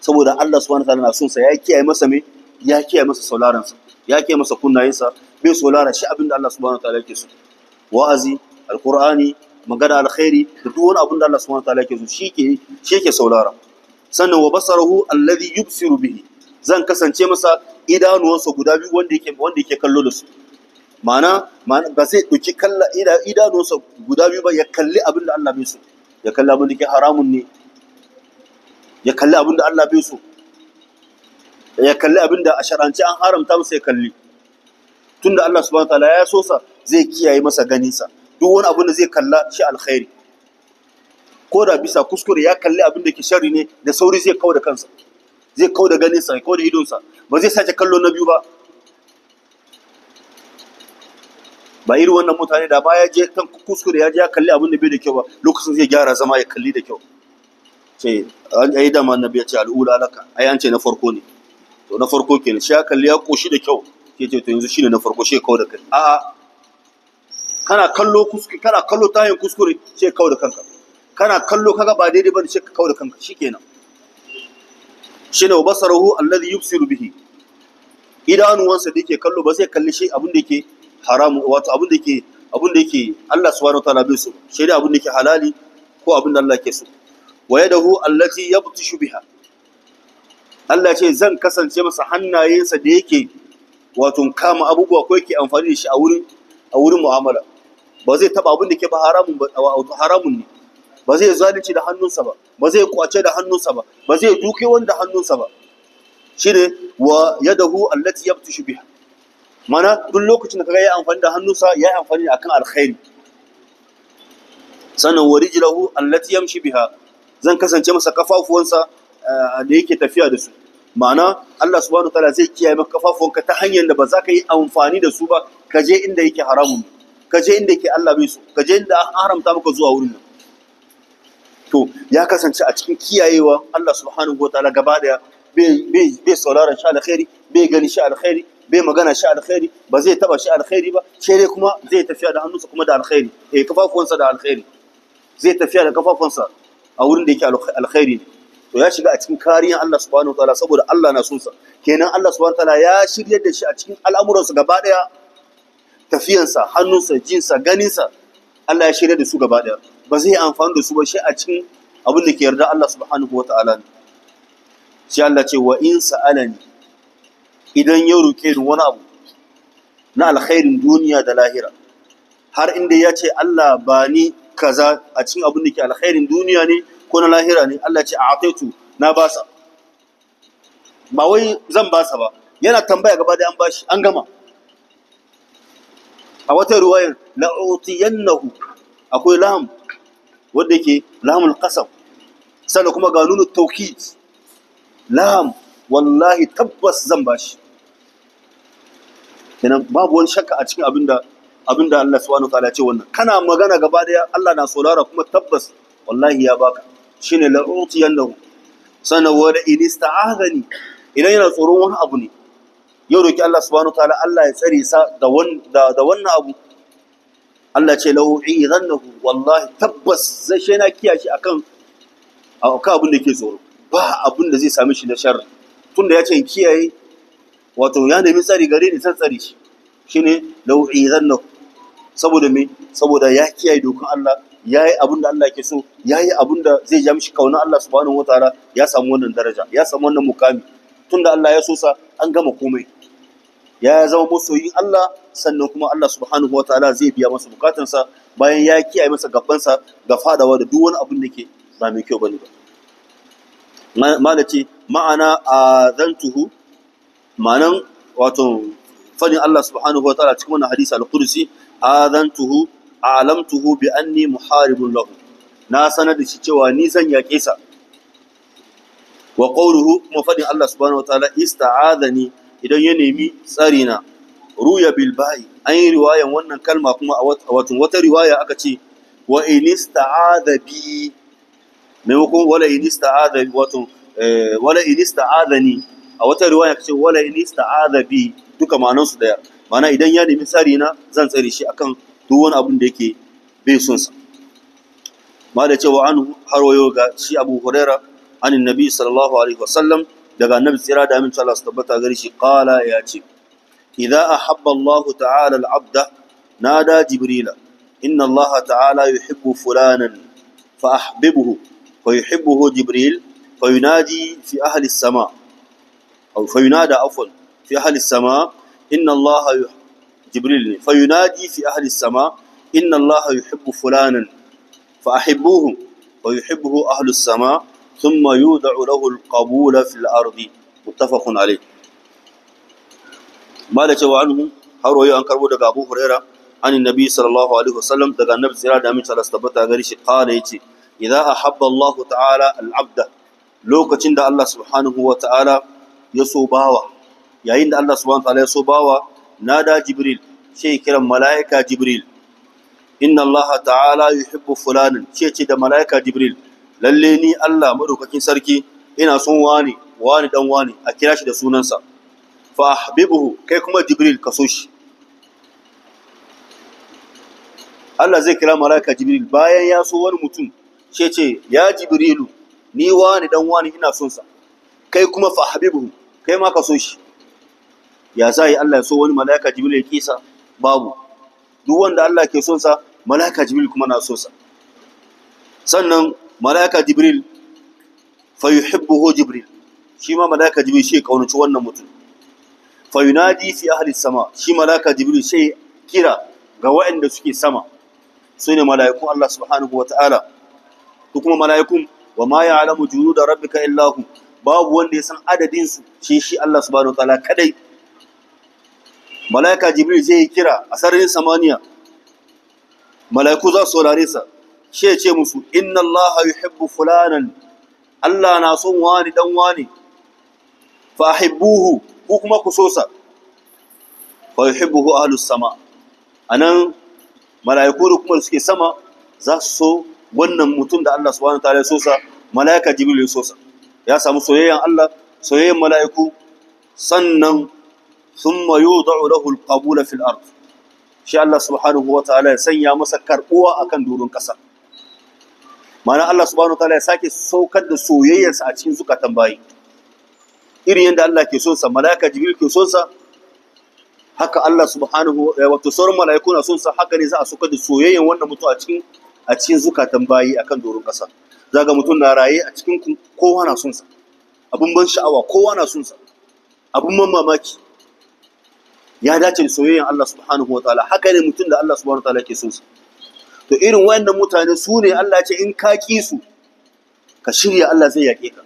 saboda Allah subhanahu wataala na son sa ya kiyaye masa me ya kiyaye masa sauraron sa ya kiyaye masa kunnayensa bai saurara shi abin da Allah subhanahu wataala yake so wa'azi alqur'ani magana alkhairi da duk wani abin da Allah subhanahu wataala yake so shi ke shi ke saurara sannan wa basarahu alladhi yubsiru bihi zan kasance masa idanuwansa guda biyu wanda yake wanda yake kallo da su ma'ana ma'ana ba sai duki kalla idanuwansa guda biyu ba ya kalli abin da Allah bai so ya kalli abin da ke haramun ne ya kalli abin da Allah bai so ya kalli abin da a sharance an haramta masa ya kalli tunda Allah subhanahu wataala ya so sa zai kiyaye masa ganin sa. duk wani abin da zai kalla shi alkhairi ko da bisa kuskure ya kalli abin da ke shari ne da sauri zai kawo da kansa zai kau da ganinsa ya kau da idonsa ba zai sace kallo na biyu ba ba irin wannan mutane da ba ya je kan kuskure ya je ya kalli abin da bai da kyau ba lokacin zai gyara zama ya kalli da kyau ce an yi dama na ya ce al'ula laka ai an ce na farko ne to na farko ke ne shi ya kalli ya koshi da kyau ke ce to yanzu shine na farko shi kawo da kai a'a kana kallo kuskure kana kallo tayin kuskure sai kawo da kanka kana kallo kaga ba daidai ba bane shi kawo da kanka shikenan shine wa basarahu alladhi yubsiru bihi idanuwansa da yake kallo ba zai kalli shi abin da yake haramu wato abin da yake abin da yake Allah subhanahu wataala bai so shi da abin da yake halali ko abin da Allah ke so wa yadahu allati yabtishu biha Allah ce zan kasance masa hannayensa da yake wato kama abubuwa ko yake amfani da shi a wurin a wurin mu'amala ba zai taba abin da yake ba haramun ba haramun ne ba zai zalunci da hannunsa ba ba zai kwace da hannunsa ba ba zai duke wanda hannunsa ba shine wa yadahu allati yabtishu biha mana duk lokacin da kaga yayi amfani da hannunsa yayi amfani akan alkhairi sanan wa rijlahu allati yamshi biha zan kasance masa kafafuwansa eh, da yake tafiya da su ma'ana Allah subhanahu wataala zai kiyaye maka kafafuwanka ta hanyar da ba za ka yi amfani da su ba ka je inda yake haramun ka je inda yake Allah bai so ka je inda an haramta maka zuwa wurin nan to ya kasance a cikin kiyayewa Allah subhanahu wataala gaba daya bai sauraron sha alkhairi bai gani sha alkhairi bai magana sha alkhairi ba zai taba sha alkhairi ba sai dai kuma zai tafiya da hannunsa kuma da alkhairi eh kafafuwansa da alkhairi zai tafiya da kafafuwansa a wurin da yake alkhairi to ya shiga a cikin kariyan Allah subhanahu wataala saboda Allah na sunsa kenan Allah subhanahu wataala ya shiryar da shi a cikin al'amuransa gaba daya tafiyansa hannunsa jinsa ganinsa Allah ya shirya da su gaba daya ba zai amfani da su ba shi a cikin abin da ke yarda Allah subhanahu wa ta'ala sai Allah ce wa in sa'alani idan ya roke ni wani abu na alkhairin duniya da lahira har inda ya ce Allah ba ni kaza a cikin abin da ke alkhairin duniya ne ko na lahira ne Allah ce a ataitu na basa ba wai zan basa ba yana tambaya gaba da an bashi an gama a wata ruwayar la'utiyannahu akwai lam wanda yake lamul qasam sannan kuma ga nunu tawkid lam wallahi tabbas zan bashi kenan babu wani shakka a cikin abinda abinda Allah subhanahu ya ce wannan kana magana gaba daya Allah na saurara kuma tabbas wallahi ya baka shine la utiyannahu sannan wa la in ista'adani idan yana tsoron wani abu ne ya roki Allah subhanahu Allah ya tsare sa da wannan abu Allah ce lahu i'izannahu wallahi tabbas zai shi na kiyashi akan akan abin da ke tsoro ba abin da zai sami shi na sharri tunda ya ce kiyaye wato ya nemi tsari gare ni san tsari shi shine lahu i'izannahu saboda me saboda ya kiyaye dokan Allah ya yi abin Allah ke so ya yi abin da zai ja mishi kauna Allah subhanahu wataala ya samu wannan daraja ya samu wannan mukami tunda Allah ya so sa an gama komai ya zama masoyin Allah sannan kuma Allah subhanahu wa ta'ala zai biya masa bukatansa bayan ya kiyaye masa gabansa ga fadawa da duk wani abin da ke ba mai kyau bane ba mala ma'ana azantuhu ma'anan wato fadin Allah subhanahu wa ta'ala cikin wannan hadisi al-qudsi azantuhu alamtuhu bi anni muharibun lahu na sanar da shi cewa ni zan yake sa wa qawluhu kuma fadin Allah subhanahu wa ta'ala ista'adani idan ya nemi tsari na ruya bilba'i, an yi riwayan wannan kalma kuma a watan wata riwaya aka ce wa inista'adha bi maimakon wala inista'adha watan eh, wala inista'adhani a wata riwaya aka ce wala inista'adha bi duka manansu daya mana idan ya nemi tsari na zan tsare shi akan duk wani abin da yake bai son sa ma da cewa an har ga shi Abu hurera an Nabi sallallahu alaihi wasallam daga annabi tsira da aminci Allah su tabbata gare shi qala ya ce idza ahabba Allah ta'ala al-abda nada jibrila inna Allah ta'ala yuhibbu fulanan fa ahbibhu fa yuhibbuhu jibril fa yunadi fi ahli as-sama aw fa yunada afwan fi ahli as-sama inna Allah jibril fa yunadi fi ahli as-sama inna Allah yuhibbu fulanan fa ahibbuhu wa yuhibbuhu ahli as-sama ثم يودع له القبول في الأرض متفق عليه ما لا cewa anhu har wayo an karbo daga Abu Huraira an annabi sallallahu alaihi wasallam daga annabi sira da min sallallahu tabbata gari shi qala yace idza ahabba Allah ta'ala al-abda lokacin da Allah subhanahu wa ta'ala ya so bawa yayin da Allah subhanahu wa ta'ala ya so bawa nada jibril sai kiran malaika jibril inna ta'ala yuhibbu fulanan ce da malaika jibril lalle ni Allah madaukakin sarki ina son wani wani dan wani a kira shi da sunansa fa ahbibuhu kai kuma jibril ka so shi Allah zai kira malaika jibril bayan ya so wani mutum ce ce ya jibrilu ni wani dan wani ina son sa kai kuma fa ahbibuhu kai ma ka so shi ya sai Allah ya so wani malaika jibril ya kisa babu duk wanda Allah ke son sa malaika jibril kuma na so sa sannan mala'ika jibril fa yuhibbuhu jibril shi ma mala'ika jibril shi kaunaci wannan mutum fa yunadi fi ahli sama shi mala'ika jibril shi kira ga waɗanda suke sama su ne mala'ikun Allah subhanahu wa ta'ala ko kuma mala'ikun wa ma ya ya'lamu da rabbika illa hu babu wanda ya san adadinsu su shi shi Allah subhanahu wa ta'ala kadai mala'ika jibril zai kira a sararin samaniya mala'iku za su saurare sa shi ya ce musu inna Allah yuhibbu fulanan Allah na son wani dan wani fa hibbuhu ku kuma ku so sa fa yuhibbuhu ahlus sama anan malaiku da kuma suke sama za su so wannan mutum da Allah subhanahu wataala ya malaika jibril ya ya samu soyayyan Allah soyayyan malaiku sannan thumma yudau lahu alqabula fil ard shi Allah subhanahu ta'ala ya sanya masa karbuwa akan durun ƙasa. ma'ana Allah subhanahu ta'ala ya sake saukar da soyayyarsa a cikin zukatan bayi irin yadda Allah ke son sa malaika jibril ke son sa haka Allah subhanahu eh, wato sauran malaiku na son sa haka ne za a saukar da soyayyar wannan mutum a cikin a cikin zukatan bayi akan doron kasa zaga mutum na raye a cikin ku kowa na son sa abun ban sha'awa kowa na son sa abun man mamaki ya dace da soyayyar Allah subhanahu ta'ala haka ne mutum da Allah subhanahu ta'ala ke son sa to irin wayannan mutane su ne Allah ce in ka ƙi su ka shirya Allah zai yaƙe ka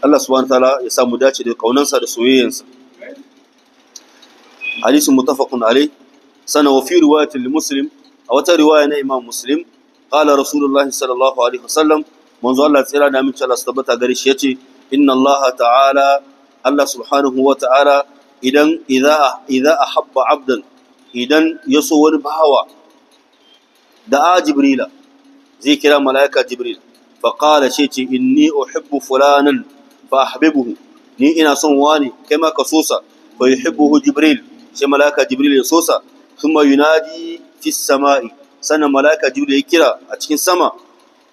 Allah subhanahu wataala ya samu dace da kaunansa da soyayyansa hadisin muttafaqun alai sana wa fi riwayatil muslim a wata riwaya na imam muslim qala rasulullah sallallahu alaihi wasallam manzo Allah tsira da min Allah tabbata gare shi yace inna Allah ta'ala Allah subhanahu ta'ala idan idza idza ahabba 'abdan idan ya so wani bawa da a jibrila zai kira mala'ika jibril faƙala ce ce inni uhibbu fulanin fa ahbibuhu ni ina son wani kai ma ka sosa fa yuhibbuhu jibril sai mala'ika jibril ya sosa kuma yunadi fi sama'i sannan mala'ika jibril ya kira a cikin sama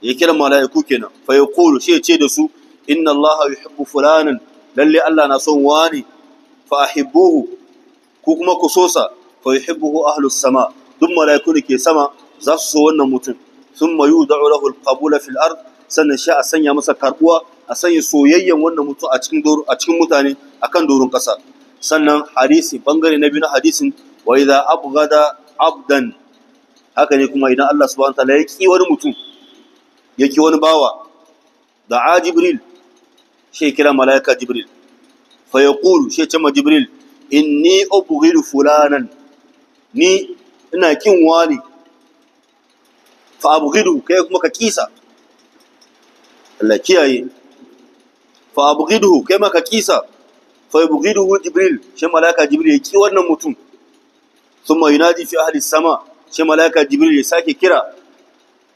ya kira mala'iku kenan fa yaqulu shi ce da su inna allaha yuhibbu fulanin lalle Allah na son wani fa ahibbuhu ku kuma ku sosa fa yuhibbuhu ahlus sama duk mala'iku da ke sama za su so wannan mutum thumma yud'u lahu al fil ard sannan sha a sanya masa karbuwa a sanya soyayyen wannan mutum a cikin a cikin mutane akan doron kasa sannan hadisi bangare na biyu na hadisin wa idza abghada abdan haka ne kuma idan Allah subhanahu wataala ya ki wani mutum ya ki wani bawa da a jibril shi kira malaika jibril fa yaqulu shi ce ma jibril inni ubghidu fulanan ni ina kin wani fa abghidu kai kuma ka kisa Allah kiyaye fa abghidu kai maka kisa fa abghidu jibril shi malaka jibril ya ki wannan mutum thumma yunadi fi ahli sama shi malaka jibril ya sake kira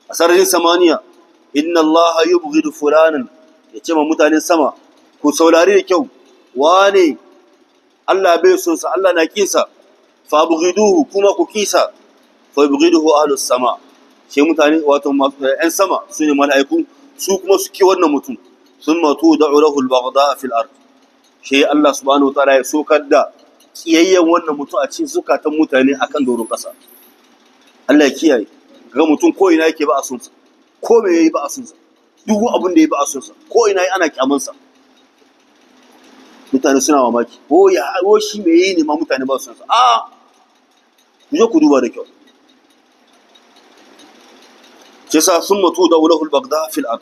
a sararin samaniya inna Allah allaha yubghidu fulanan ya ce ma mutanen sama ku saurari da kyau wane Allah bai so sa Allah na kinsa fabghiduhu kuma ku kisa fa yubghiduhu ahlus sama shi mutane wato eh, yan sama su ne mala'iku su kuma su ki wannan mutum thumma tud'u lahu al-baghda fil ard shi Allah subhanahu wa ta'ala ya sokar da kiyayyen wannan mutum a cikin zukatan mutane akan doron kasa Allah ya kiyaye ga mutum ko ina yake ba a sunsa ko me yayi ba a sunsa duk abin da yayi ba a sunsa ko ina yi yana kyamansa mutane suna mamaki ko ya ko shi me yayi ne ma mutane ba su sunsa Aa. ku je ku duba da kyau ke sa sun matu da wulahul bagda fil ard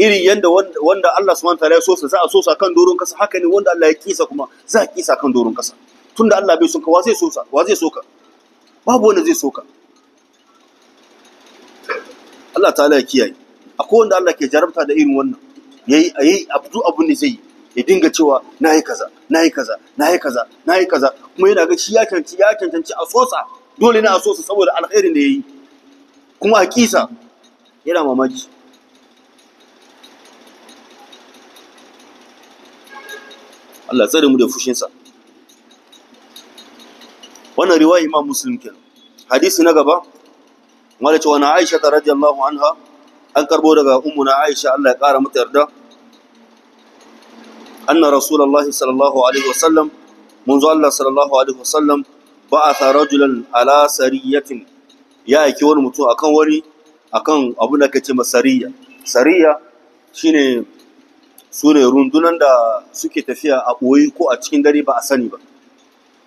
iri yanda wanda Allah subhanahu wataala ya sosa za a sa kan doron kasa haka ne wanda Allah ya kisa kuma za a kisa kan doron kasa tunda Allah bai son ka wa zai sosa wa zai soka babu wanda zai soka Allah ta'ala ya kiyaye akwai wanda Allah ke jarabta da irin wannan yayi ayi abdu abun ne zai yi ya dinga cewa na yi kaza na yi kaza na yi kaza na yi kaza kuma yana ga shi ya cancanci ya cancanci a sosa dole na a sosa saboda alkhairin da ya yi kuma a kisa yana mamaki Allah tsare mu da fushinsa wannan riwaya imam muslim ke hadisi na gaba wanda cewa na aisha radiyallahu anha an karbo daga na aisha Allah ya kara mata yarda anna rasulullahi sallallahu alaihi wasallam munzo Allah sallallahu alaihi wasallam ba'atha rajulan ala sariyatin ya aiki wani mutum akan wani akan abu da kace masariya sariya shine sune rundunan da suke tafiya a boye ko a cikin dare ba a sani ba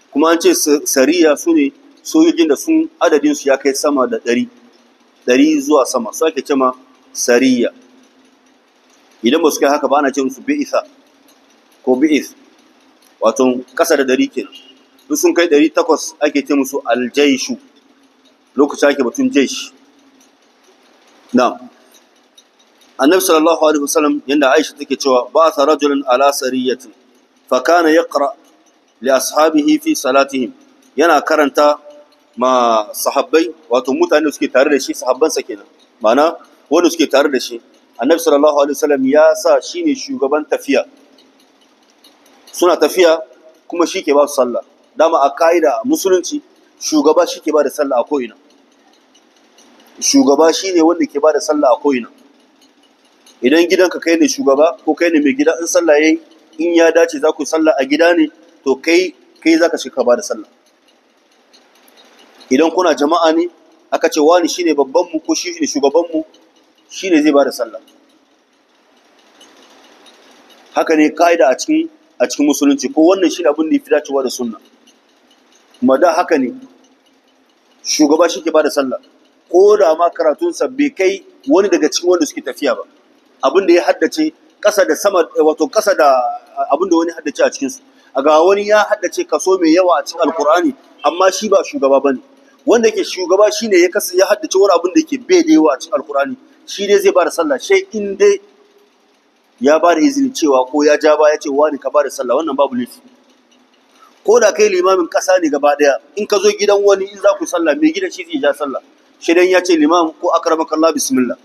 kuma an ce sariya sune sojojin da sun adadin su ya kai sama da ɗari ɗari zuwa sama su ake cema sariya idan ba su kai haka ba ana ce musu bi'isa ko bi'is wato ƙasa da ɗari ke, duk sun kai ɗari takwas ake ce musu aljaishu lokacin ake batun jaish na annabi sallallahu alaihi wasallam yanda aisha take cewa ba sa rajulun ala sariyatin fa kana yaqra li ashabihi fi salatihim yana karanta ma sahabbai wato mutane suke tare da shi sahabbansa kenan ma'ana wanda suke tare da shi annabi sallallahu alaihi wasallam ya sa shine shugaban tafiya suna tafiya kuma shi ke ba su sallah dama a ka'ida a musulunci shugaba shi ke ba da sallah a ko'ina shugaba shi ne wanda ke ba da sallah a ko'ina idan gidanka kai ne shugaba ko kai ne mai gida in sallah ya yi in ya dace za ku sallah a gida ne to kai kai za ka shi ka ba da sallah idan kuna jama'a ne aka ce wani shi ne babbanmu ko shi ne shugabanmu shi ne zai ba da sallah haka ne ka'ida a cikin a cikin musulunci ko wannan shi abin da ya fi dacewa da sunna kuma da haka ne shugaba shi ke ba da sallah ko da ma karatunsa bai kai wani daga cikin wanda suke tafiya ba abin da ya haddace ƙasa da sama eh, wato ƙasa da abin da wani haddace a cikinsu a ga wani ya haddace kaso mai yawa a cikin alkur'ani amma shi ba shugaba ba ne wanda ke shugaba shi ne ya haddace wani abin da ke bai da yawa a cikin alkur'ani shi dai zai ba da sallah shi in dai ya ba da izini cewa ko ya ja ba ya ce wani ka ba da sallah wannan babu laifi ko da kai limamin ƙasa ne gaba daya in ka zo gidan wani in za ku sallah mai gidan shi zai ja sallah shi dan ya ce limam ko akramaka Allah bismillah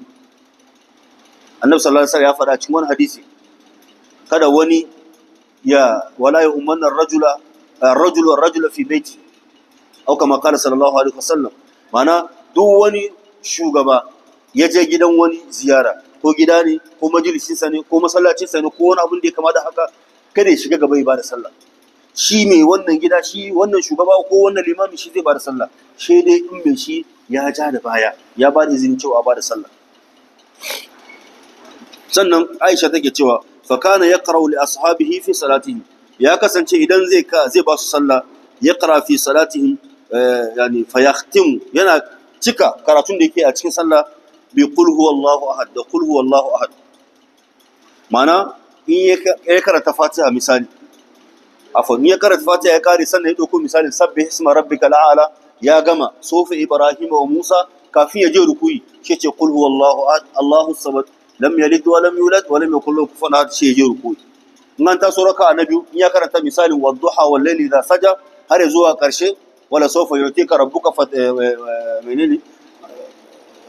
annabi sallallahu alaihi wasallam ya faɗa cikin wani hadisi kada wani ya wala ya umanna rajula rajulu rajula fi baiti au kama qala sallallahu alaihi wasallam mana duk wani shugaba ya je gidan wani ziyara ko gida ne ko majalisinsa ne ko masallacinsa ne ko wani abin da ya kama da haka kada ya shiga gaba ya bada sallah shi mai wannan gida shi wannan shugaba ko wannan limami shi zai bada sallah shi dai in mai shi ya ja da baya ya bada izini cewa bada sallah sannan Aisha take cewa fa kana yaqra'u li ashabihi fi salatihi ya kasance idan zai ka zai ba su sallah yaqra fi salatihim eh, yani fa yana cika karatun da yake a cikin sallah bi qul huwallahu ahad da qul huwallahu ahad mana in ya karanta fatiha misali afwan ya karanta fatiha ya kare sannan ya dauko misalin sabbih isma rabbikal a'la ya gama sofa ibrahim wa musa kafin ya je rukuyi shi ce qul huwallahu ahad allahu samad lam yalid wa lam yulad wa lam yakul lahu kufuwan ahad shi ya je rukuyi in an taso raka na biyu in ya karanta misalin wadduha wal layli idha saja har zuwa karshe wala sofa yutika rabbuka eh, eh, eh, menene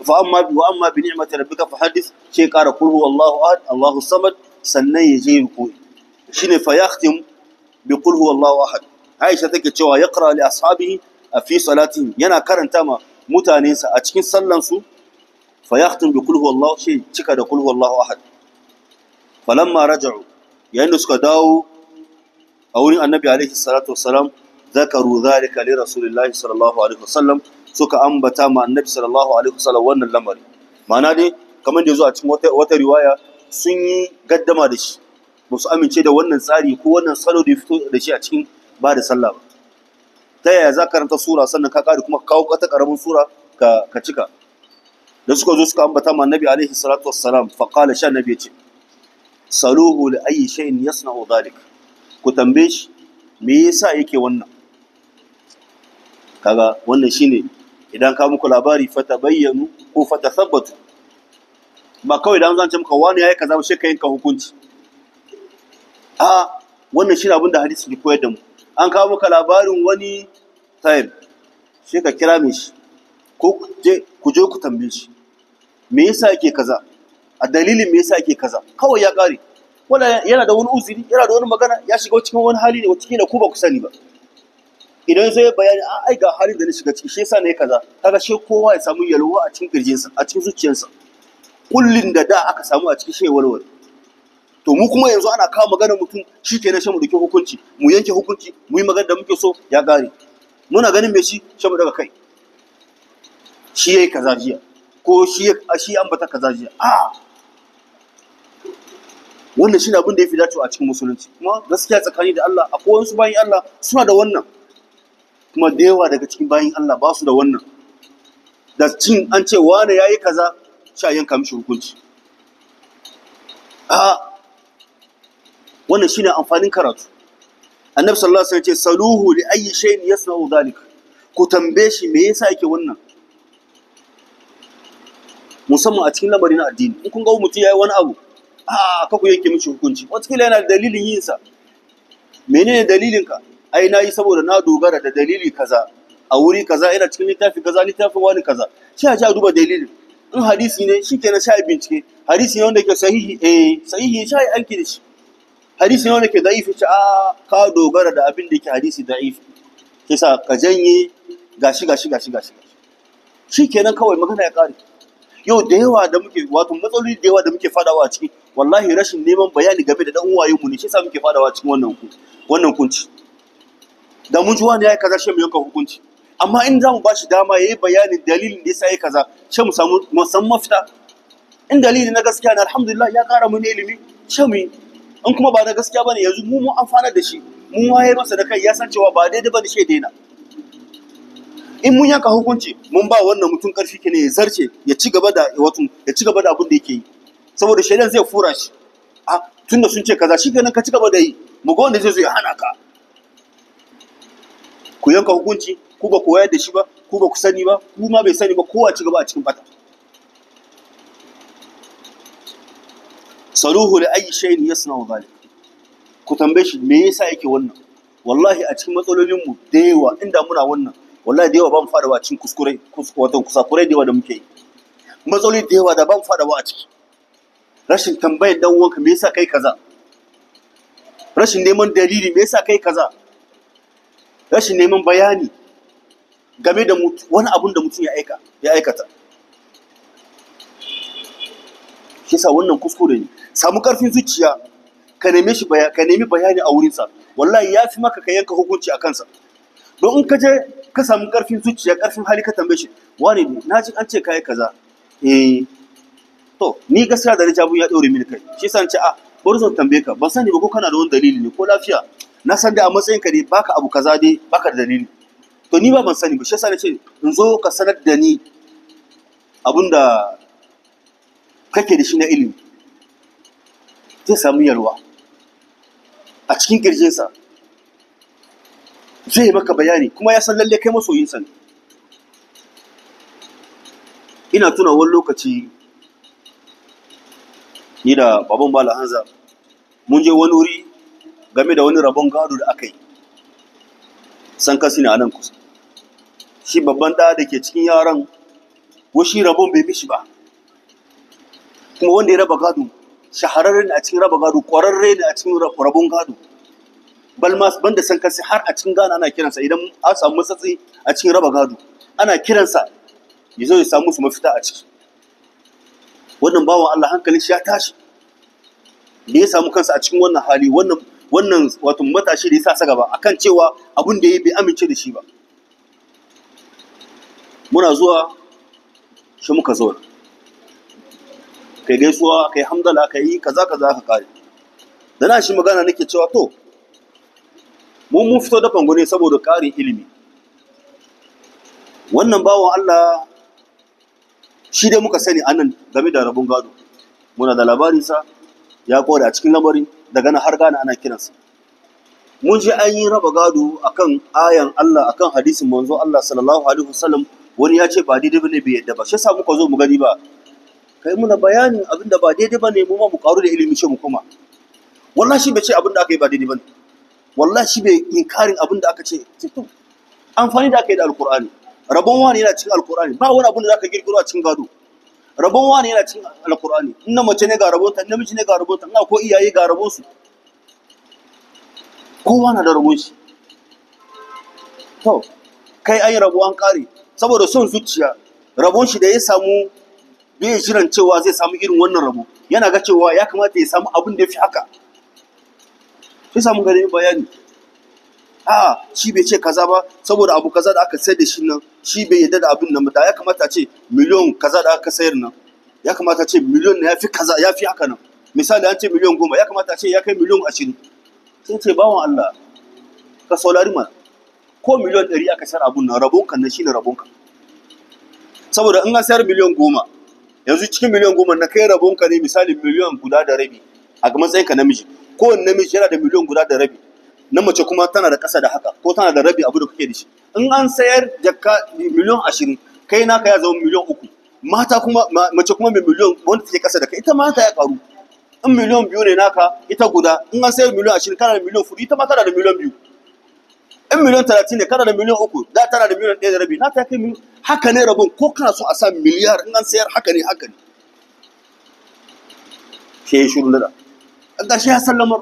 fa amma bi wa amma bi ni'mati rabbika fa hadith ce kara kulhu wallahu ahad allahu samad sannan ya je ruku shine fa yakhtim bi kulhu wallahu ahad aisha take cewa yaqra li ashabihi fi salatihi yana karanta ma sa a cikin sallansu fa yakhtim bi kulhu wallahu shi cika da kulhu wallahu ahad falamma raja'u yayin da suka dawo a wurin annabi alaihi salatu wassalam zakaru zalika li rasulillahi sallallahu alaihi wasallam suka ambata ma annabi sallallahu alaihi wasallam wannan lamari ma'ana dai kamar da yazo a cikin wata wata riwaya sun yi gaddama da shi ba su amince da wannan tsari ko wannan salo da fito da shi a cikin ba da sallah ba ta yaya za ka ranta sura sannan ka kare kuma kawo kata karamin sura ka ka cika da suka zo suka ambata ma annabi alaihi salatu wassalam fa qala sha nabi ce saluhu li ayi shay'in yasna'u dhalik ku tambaye shi me yasa yake wannan kaga wannan shine idan ka muku labari fata bayyanu ko fata sabbatu ba kawai idan zan ce muka wani yayi kaza shi kai ka hukunci a wannan shi abin da hadisi ke koyar da mu an kawo muka labarin wani time shi ka kira mi shi ko ku je ku tambaye shi me yasa yake kaza a dalilin me yasa yake kaza kawai ya kare wala yana da wani uzuri yana da wani magana ya shiga cikin wani hali ne wacce kila ku ba ku sani ba idan zai bayani an ah, ai ga halin da na shiga ciki shi yasa ne kaza kaga shi kowa ya samu yalwa a cikin kirjinsa a cikin zuciyarsa kullin da da aka samu a cikin shi walwal to mu kuma yanzu ana kawo magana mutum shi ke na mu duke hukunci mu yanke hukunci mu yi magana da muke so ya gare muna ganin me shi shan daga kai shi yayi kaza jiya ko shi ya shi ambata kaza jiya a wannan shi ne abin da ya fi dacewa a cikin musulunci kuma gaskiya tsakani da Allah akwai wasu bayan Allah suna da wannan kuma da yawa daga cikin bayan Allah ba su da wannan da cin an ce wane ya yi kaza sha yanka mishi hukunci a wannan shi ne amfanin karatu annabi sallallahu alaihi wasallam ce saluhu li ayyi shay'in yasna'u ku tambaye shi me yasa yake wannan musamman a cikin lamarin addini in kun ga mutum yayi wani abu a ka ku yanke mishi hukunci kila yana da dalilin yinsa menene dalilinka ai na yi saboda na dogara da dalili kaza a wuri kaza yana cikin littafi kaza littafin wani kaza sai a ja duba dalilin in hadisi ne shi kenan na a bincike hadisi ne wanda ke sahihi eh sahihi sha yi aiki da shi hadisi ne wanda ke da'ifi ce a ah, ka dogara da abin da ke hadisi da'ifi ke sa ka janye gashi gashi gashi gashi shi kenan kawai magana ya kare yau da yawa da muke wato matsaloli da yawa da muke fadawa a ciki wallahi rashin neman bayani game da dan uwaye mu ne shi sa muke fadawa cikin wannan wannan kunci da mun ji wani ya yi kaza shi mu yanka hukunci amma in za mu ba shi dama ya yi bayanin dalilin da ya sa ya kaza shi mu samu masan mafita in dalilin na gaskiya na alhamdulillah ya kara mun ilimi shi mu in kuma ba na gaskiya ba ne, yanzu mu mun amfana da shi ya waye masa da kai ya san cewa ba daidai da shi daina in mun yanka hukunci mun ba wannan mutum karfi ne ya zarce ya ci gaba da wato ya ci gaba da abin da yake yi saboda shaidan zai fura shi a ah, tunda sun ce kaza shi kenan ka ci gaba da yi mu ga wanda zai zo ya hana ka ku yanka hukunci ku ba ku wayar da shi ba ku ba ku sani ba ku ma bai sani ba kowa ci gaba a cikin fata saruhu da ayi shayin ya suna zalik ku tambaye shi me yasa yake wannan wallahi a cikin matsalolin mu da yawa inda muna wannan wallahi da yawa ban fada wa cikin kuskure wato kusakurai da yawa da muke yi matsaloli da yawa da ban fada wa a ciki rashin tambayar dan uwanka me yasa kai kaza rashin neman dalili me yasa kai kaza rashin neman bayani game da wani abun da mutum ya aikata shi sa wannan kuskure ne samu karfin zuciya ka nemi shi ka nemi bayani a wurinsa wallahi ya fi maka ka yanka hukunci a kansa don in ka je ka samu karfin zuciya karfin hali ka tambaye shi wani na ji an ce kai kaza eh to ni gaskiya da na ya ɗaure mini kai shi sa ce a bari zan tambaye ka ban sani ba ko kana da wani dalili ne ko lafiya na san dai a matsayin ka ne baka abu kaza dai baka da dalili to ni ba ban sani ba shi yasa nace in zo ka sanar da ni abinda kake da shi na ilimi zai samu yalwa a cikin kirjinsa zai maka bayani kuma ya san lalle kai masoyinsa ne ina tuna wani lokaci ni da baban bala hanza mun je wani wuri game da wani rabon gado da aka yi san kasi ne a nan kusa shi babban ɗaya da ke cikin yaran shi rabon bai mishi ba kuma wanda ya raba gado shahararre ne a cikin raba gado ƙwararre ne a cikin rabon gado balma banda san kasi har a cikin gana ana kiransa idan an samu matsatsi a cikin raba gado ana kiransa ya zo ya samu su mafita a ciki wannan bawan Allah hankalin shi ya tashi da ya samu kansa a cikin wannan hali wannan wannan wato matashi da ya sa gaba akan cewa abin da ya bai amince da shi ba muna zuwa shi muka zauna kai gaisuwa kai hamdala kai kaza kaza ka kare da na shi magana nake cewa to mun mun fito da fango saboda karin ilimi wannan bawan Allah shi dai muka sani anan game da rabon gado muna da labarin sa ya kore a cikin lamarin daga nan har gane ana kiransa mun je an yi raba gado akan ayan Allah akan hadisin manzo Allah sallallahu alaihi wasallam wani ya ce ba daidai bane bai yadda ba shi yasa muka zo mu gani ba kai muna bayanin abin da ba daidai bane mu ma mu karu da ilimi ce mu kuma. wallahi bai ce abin da aka yi ba daidai bane wallahi bai inkarin abin da aka ce amfani da aka yi da alqur'ani rabon wani yana cikin alqur'ani ba wani abin da zaka girgiro a cikin gado rabon wani yana cikin alkur'ani in na mace ne ga rabota in namiji ne ga rabota Ina ko iyaye ga rabon su kowa na da rabon shi to kai an yi an kare saboda son zuciya rabon shi da ya samu bai jiran cewa zai samu irin wannan rabo yana ga cewa ya kamata ya samu abin da ya fi haka sai samu gare bayani a shi bai ce kaza ba saboda abu kaza da aka sai da shi nan shi bai yadda da abin nan da ya kamata ce miliyon kaza da aka sayar nan ya kamata ce miliyon ya fi kaza ya fi haka nan misali an ce miliyon goma ya kamata ce ya kai miliyon ashirin sun ce bawan Allah ka saurari ma ko miliyon ɗari aka sayar abun nan rabonka nan shine rabonka saboda in an sayar miliyon goma yanzu cikin miliyon goma na kai rabonka ne misali miliyon guda da rabi a ga matsayinka namiji kowane namiji yana da miliyon guda da rabi na mace kuma tana da ƙasa da haka ko tana da rabi abu da kake da shi in an sayar jakka miliyan ashirin kai naka ya zama miliyan uku mata kuma mace kuma mai miliyan wanda take ƙasa da kai ita mata ya ƙaru in miliyan biyu ne naka ita guda in an sayar miliyan ashirin kana da miliyan fudu ita ma tana da miliyan biyu in miliyan talatin ne kana da miliyan uku da tana da miliyan ɗaya da rabi na ta kai miliyan haka ne rabon ko kana so a sa miliyar in an sayar haka ne haka ne shi ya shuru shirin da da shi ya san lamar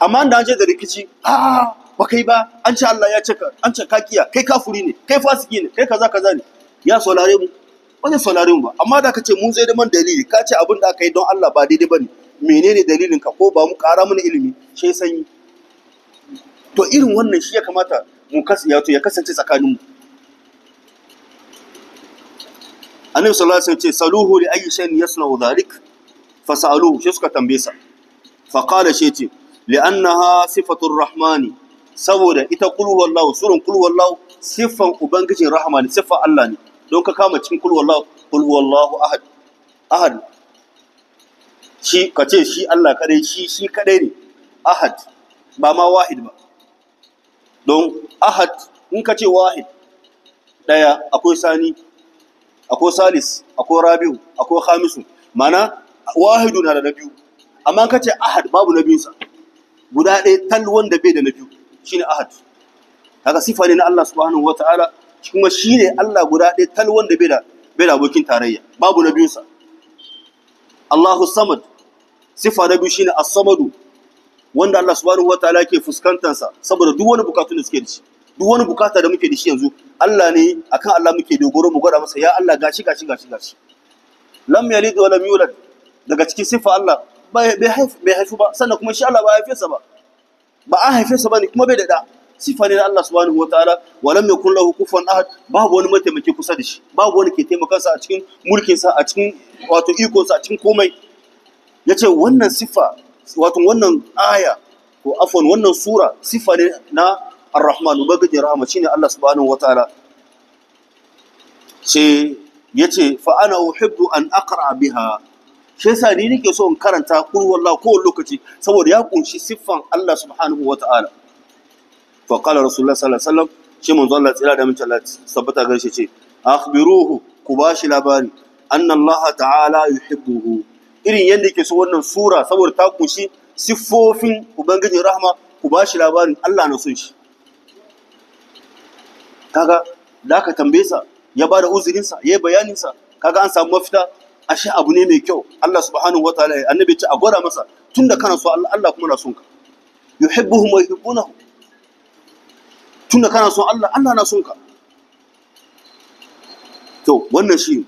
amma da an ce da rikici a ba kai ba an ce Allah ya cika an ce kakiya kai kafuri ne kai fasiki ne kai kaza kaza ne ya saurare mu wani zai saurare mu ba amma da ka ce mun zai da man dalili ka ce abin da aka yi don Allah ba daidai bane menene dalilin ka ko ba mu ƙara mana ilimi sai sanyi to irin wannan shi ya kamata mu kasance ya kasance tsakanin mu annabi sallallahu alaihi wasallam ce saluhu li ayyi shay'in yasna'u dhalik fasaluhu shi suka tambaye sa fa qala shi li'annaha sifatur rahmani saboda ita kul wallahu surun siffan ubangijin rahama ne siffan Allah ne don ka kama cikin kul wallahu ahad ahad ka ce shi Allah kadai shi shi kadai ne ahad ba ma wahid ba don ahad in ka ce wahid daya akwai sani akwai salis akwai rabiu akwai khamisu mana wahidu na da na biyu amma ka ce ahad babu na biyunsa guda ɗaya tal wanda bai da na biyu shi ne ahad kaga sifa ne na Allah subhanahu ta'ala kuma ne Allah guda ɗaya tal wanda bai da bai da abokin tarayya babu na biyunsa Allahu samad sifa na biyu ne as-samadu wanda Allah subhanahu ta'ala ke fuskantarsa saboda duk wani bukatu da suke da shi duk wani bukata da muke da shi yanzu Allah ne akan Allah muke dogoro mu gwada masa ya Allah gashi gashi gashi gashi lam yalid wa lam yulad daga cikin sifa Allah bai haifu ba sannan kuma shi Allah ba haife sa ba ba an haife sa ba ne kuma bai da da sifa ne na Allah subhanahu wataala walam yakun lahu kufuwan ahad babu wani mataimaki kusa da shi babu wani ke taimakan sa a cikin mulkin sa a cikin wato iko sa a cikin komai yace wannan sifa wato wannan aya ko afwan wannan sura sifa ne na Ar-Rahman ubangiji rahama shine Allah subhanahu wataala sai yace fa ana uhibbu an aqra biha shi yasa ni nake so in karanta kul wallahu ko lokaci saboda ya kunshi siffan Allah subhanahu wata'ala fa kala rasulullah sallallahu alaihi wasallam shi manzo Allah tsira da mutum Allah tabbata garshe ce akhbiruhu ku bashi labari anna Allah ta'ala yuhibbuhu irin yanda yake so wannan sura saboda ta kunshi siffofin ubangiji rahma ku bashi labarin Allah na son shi kaga da ka tambaye sa ya ba bada uzurinsa ya yi bayaninsa kaga an samu mafita ashe abu ne mai kyau Allah subhanahu wataala annabi ce a gwada masa tunda kana so Allah Allah kuma na son ka yuhibbuhum wa yuhibbunahu tunda kana son Allah Allah na son ka to wannan shi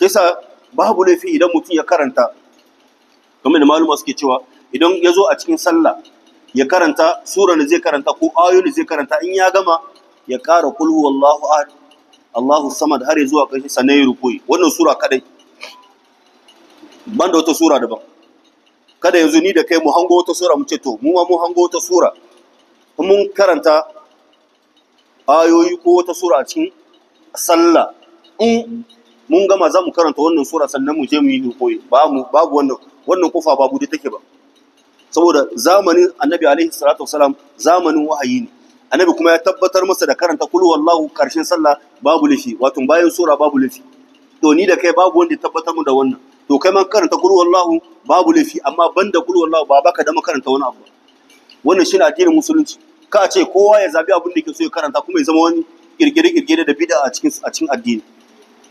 yasa babu laifi idan mutum ya karanta kamar da maluma suke cewa idan ya zo a cikin sallah ya karanta sura da zai karanta ko ayoyi da zai karanta in ya gama ya ƙara kulhu wallahu ahad Allahu samad har zuwa ƙarshe sannan ya rukuyi wannan sura kadai ban da wata sura daban kada yanzu ni da kai mu hango wata sura mu ce to mu ma mu hango wata sura mun karanta ayoyi ko wata sura a cikin sallah in mun gama za mu karanta wannan sura sannan mu je mu yi koyi babu babu wannan wannan kofa babu da take ba saboda zamanin annabi alaihi salatu wasalam zamanin wahayi ne annabi kuma ya tabbatar masa da karanta kul wallahu karshen sallah babu lishi wato bayan sura babu lishi to ni da kai babu wanda ya tabbatar mu da wannan to kai man karanta kul wallahu babu laifi amma banda kul wallahu ba baka da makaranta wani abu wannan shine addinin musulunci ka ce kowa ya zabi abin da yake so ya karanta kuma ya zama wani kirkire kirkire da bid'a a cikin a cikin addini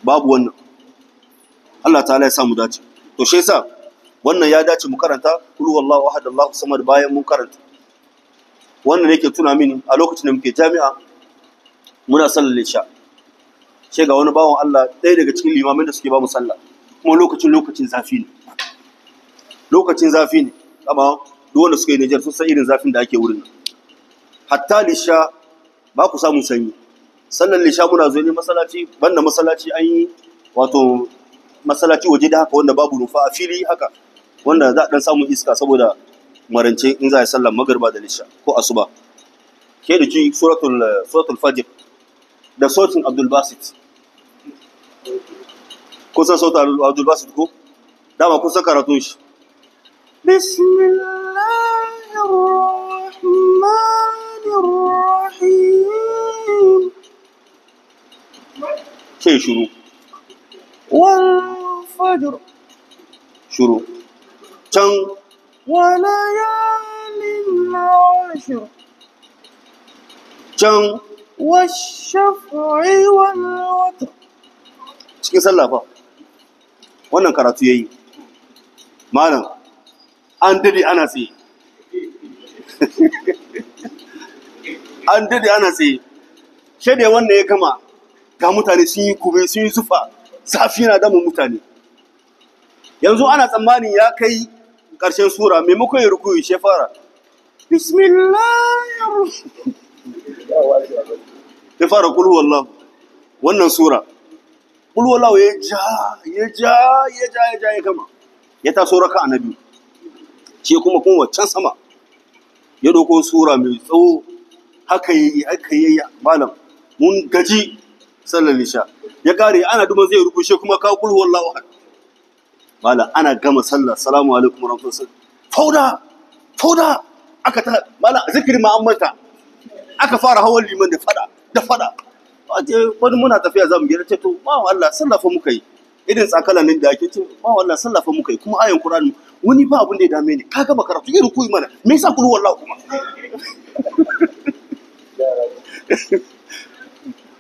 babu wannan Allah ta'ala ya samu dace to shi yasa wannan ya dace mu karanta kul wallahu ahad Allahu samad bayan mun karanta wannan yake tuna mini a lokacin da muke jami'a muna sallar isha sai ga wani bawon Allah ɗaya daga cikin limamin da suke ba mu sallah kuma lokacin lokacin zafi ne lokacin zafi ne amma duk wanda suka yi Nijar sun san irin zafin da ake wurin hatta lisha ba ku samu sanyi sannan lisha muna zo ne masalaci banda masalaci an yi wato masalaci waje da haka wanda babu rufa a fili haka wanda za a dan samun iska saboda marance in za a yi sallan magarba da lisha ko asuba ke da ji suratul suratul fajr da sautin abdul basit kun san sautu abdul basit ko dama kun san karatun shi rahim. sai shuru wal fajr shuru can walayalin ashir can والشفع والوتر cikin sallah fa wannan karatu ya yi malam an dade ana tsaye an dade ana tsaye shaidai wannan ya kama ga mutane sun yi kube sun yi zufa safi na damun mutane yanzu ana tsammanin ya kai ƙarshen sura maimakon ya rukuyi shi fara bismillah ya fara kulhu wannan sura ƙulwallawa ya ja ya ja ya ja ya ja ya gama ya taso raka na biyu ce kuma kuma waccan sama ya doko sura mai tsawo haka yi, haka yi yayi malam mun gaji sallar sha. ya kare ana duba zai rubuce kuma ka kul wallahu malam ana gama sallar salamu alaikum warahmatullahi fauda fauda aka ta malam zikirin ma aka fara hawan liman da fada da fada wani muna tafiya za mu gida ce to ma Allah sallafa muka yi irin tsakalanin da ake ce ma Allah sallafa muka yi kuma ayan Qur'ani wani ba abin da ya dame ni ka gaba karatu irin kuyi mana me yasa ku wallahi kuma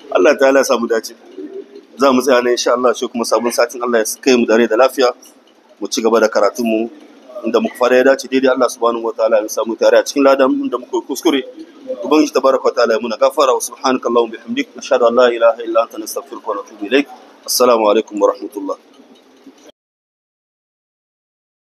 Allah ta'ala samu dace za mu tsaya ne insha Allah sai kuma sabon satin Allah ya kai mu dare da lafiya mu ci gaba da mu. inda muka fara ya dace daidai Allah subhanahu wataala ya samu tare a cikin ladan inda muka kuskure ubangiji tabaraka wa ta'ala ya muna gafara wa subhanakallahumma bihamdik ashhadu an la ilaha illa anta nastaghfiruka wa natubu ilaik assalamu alaikum wa rahmatullah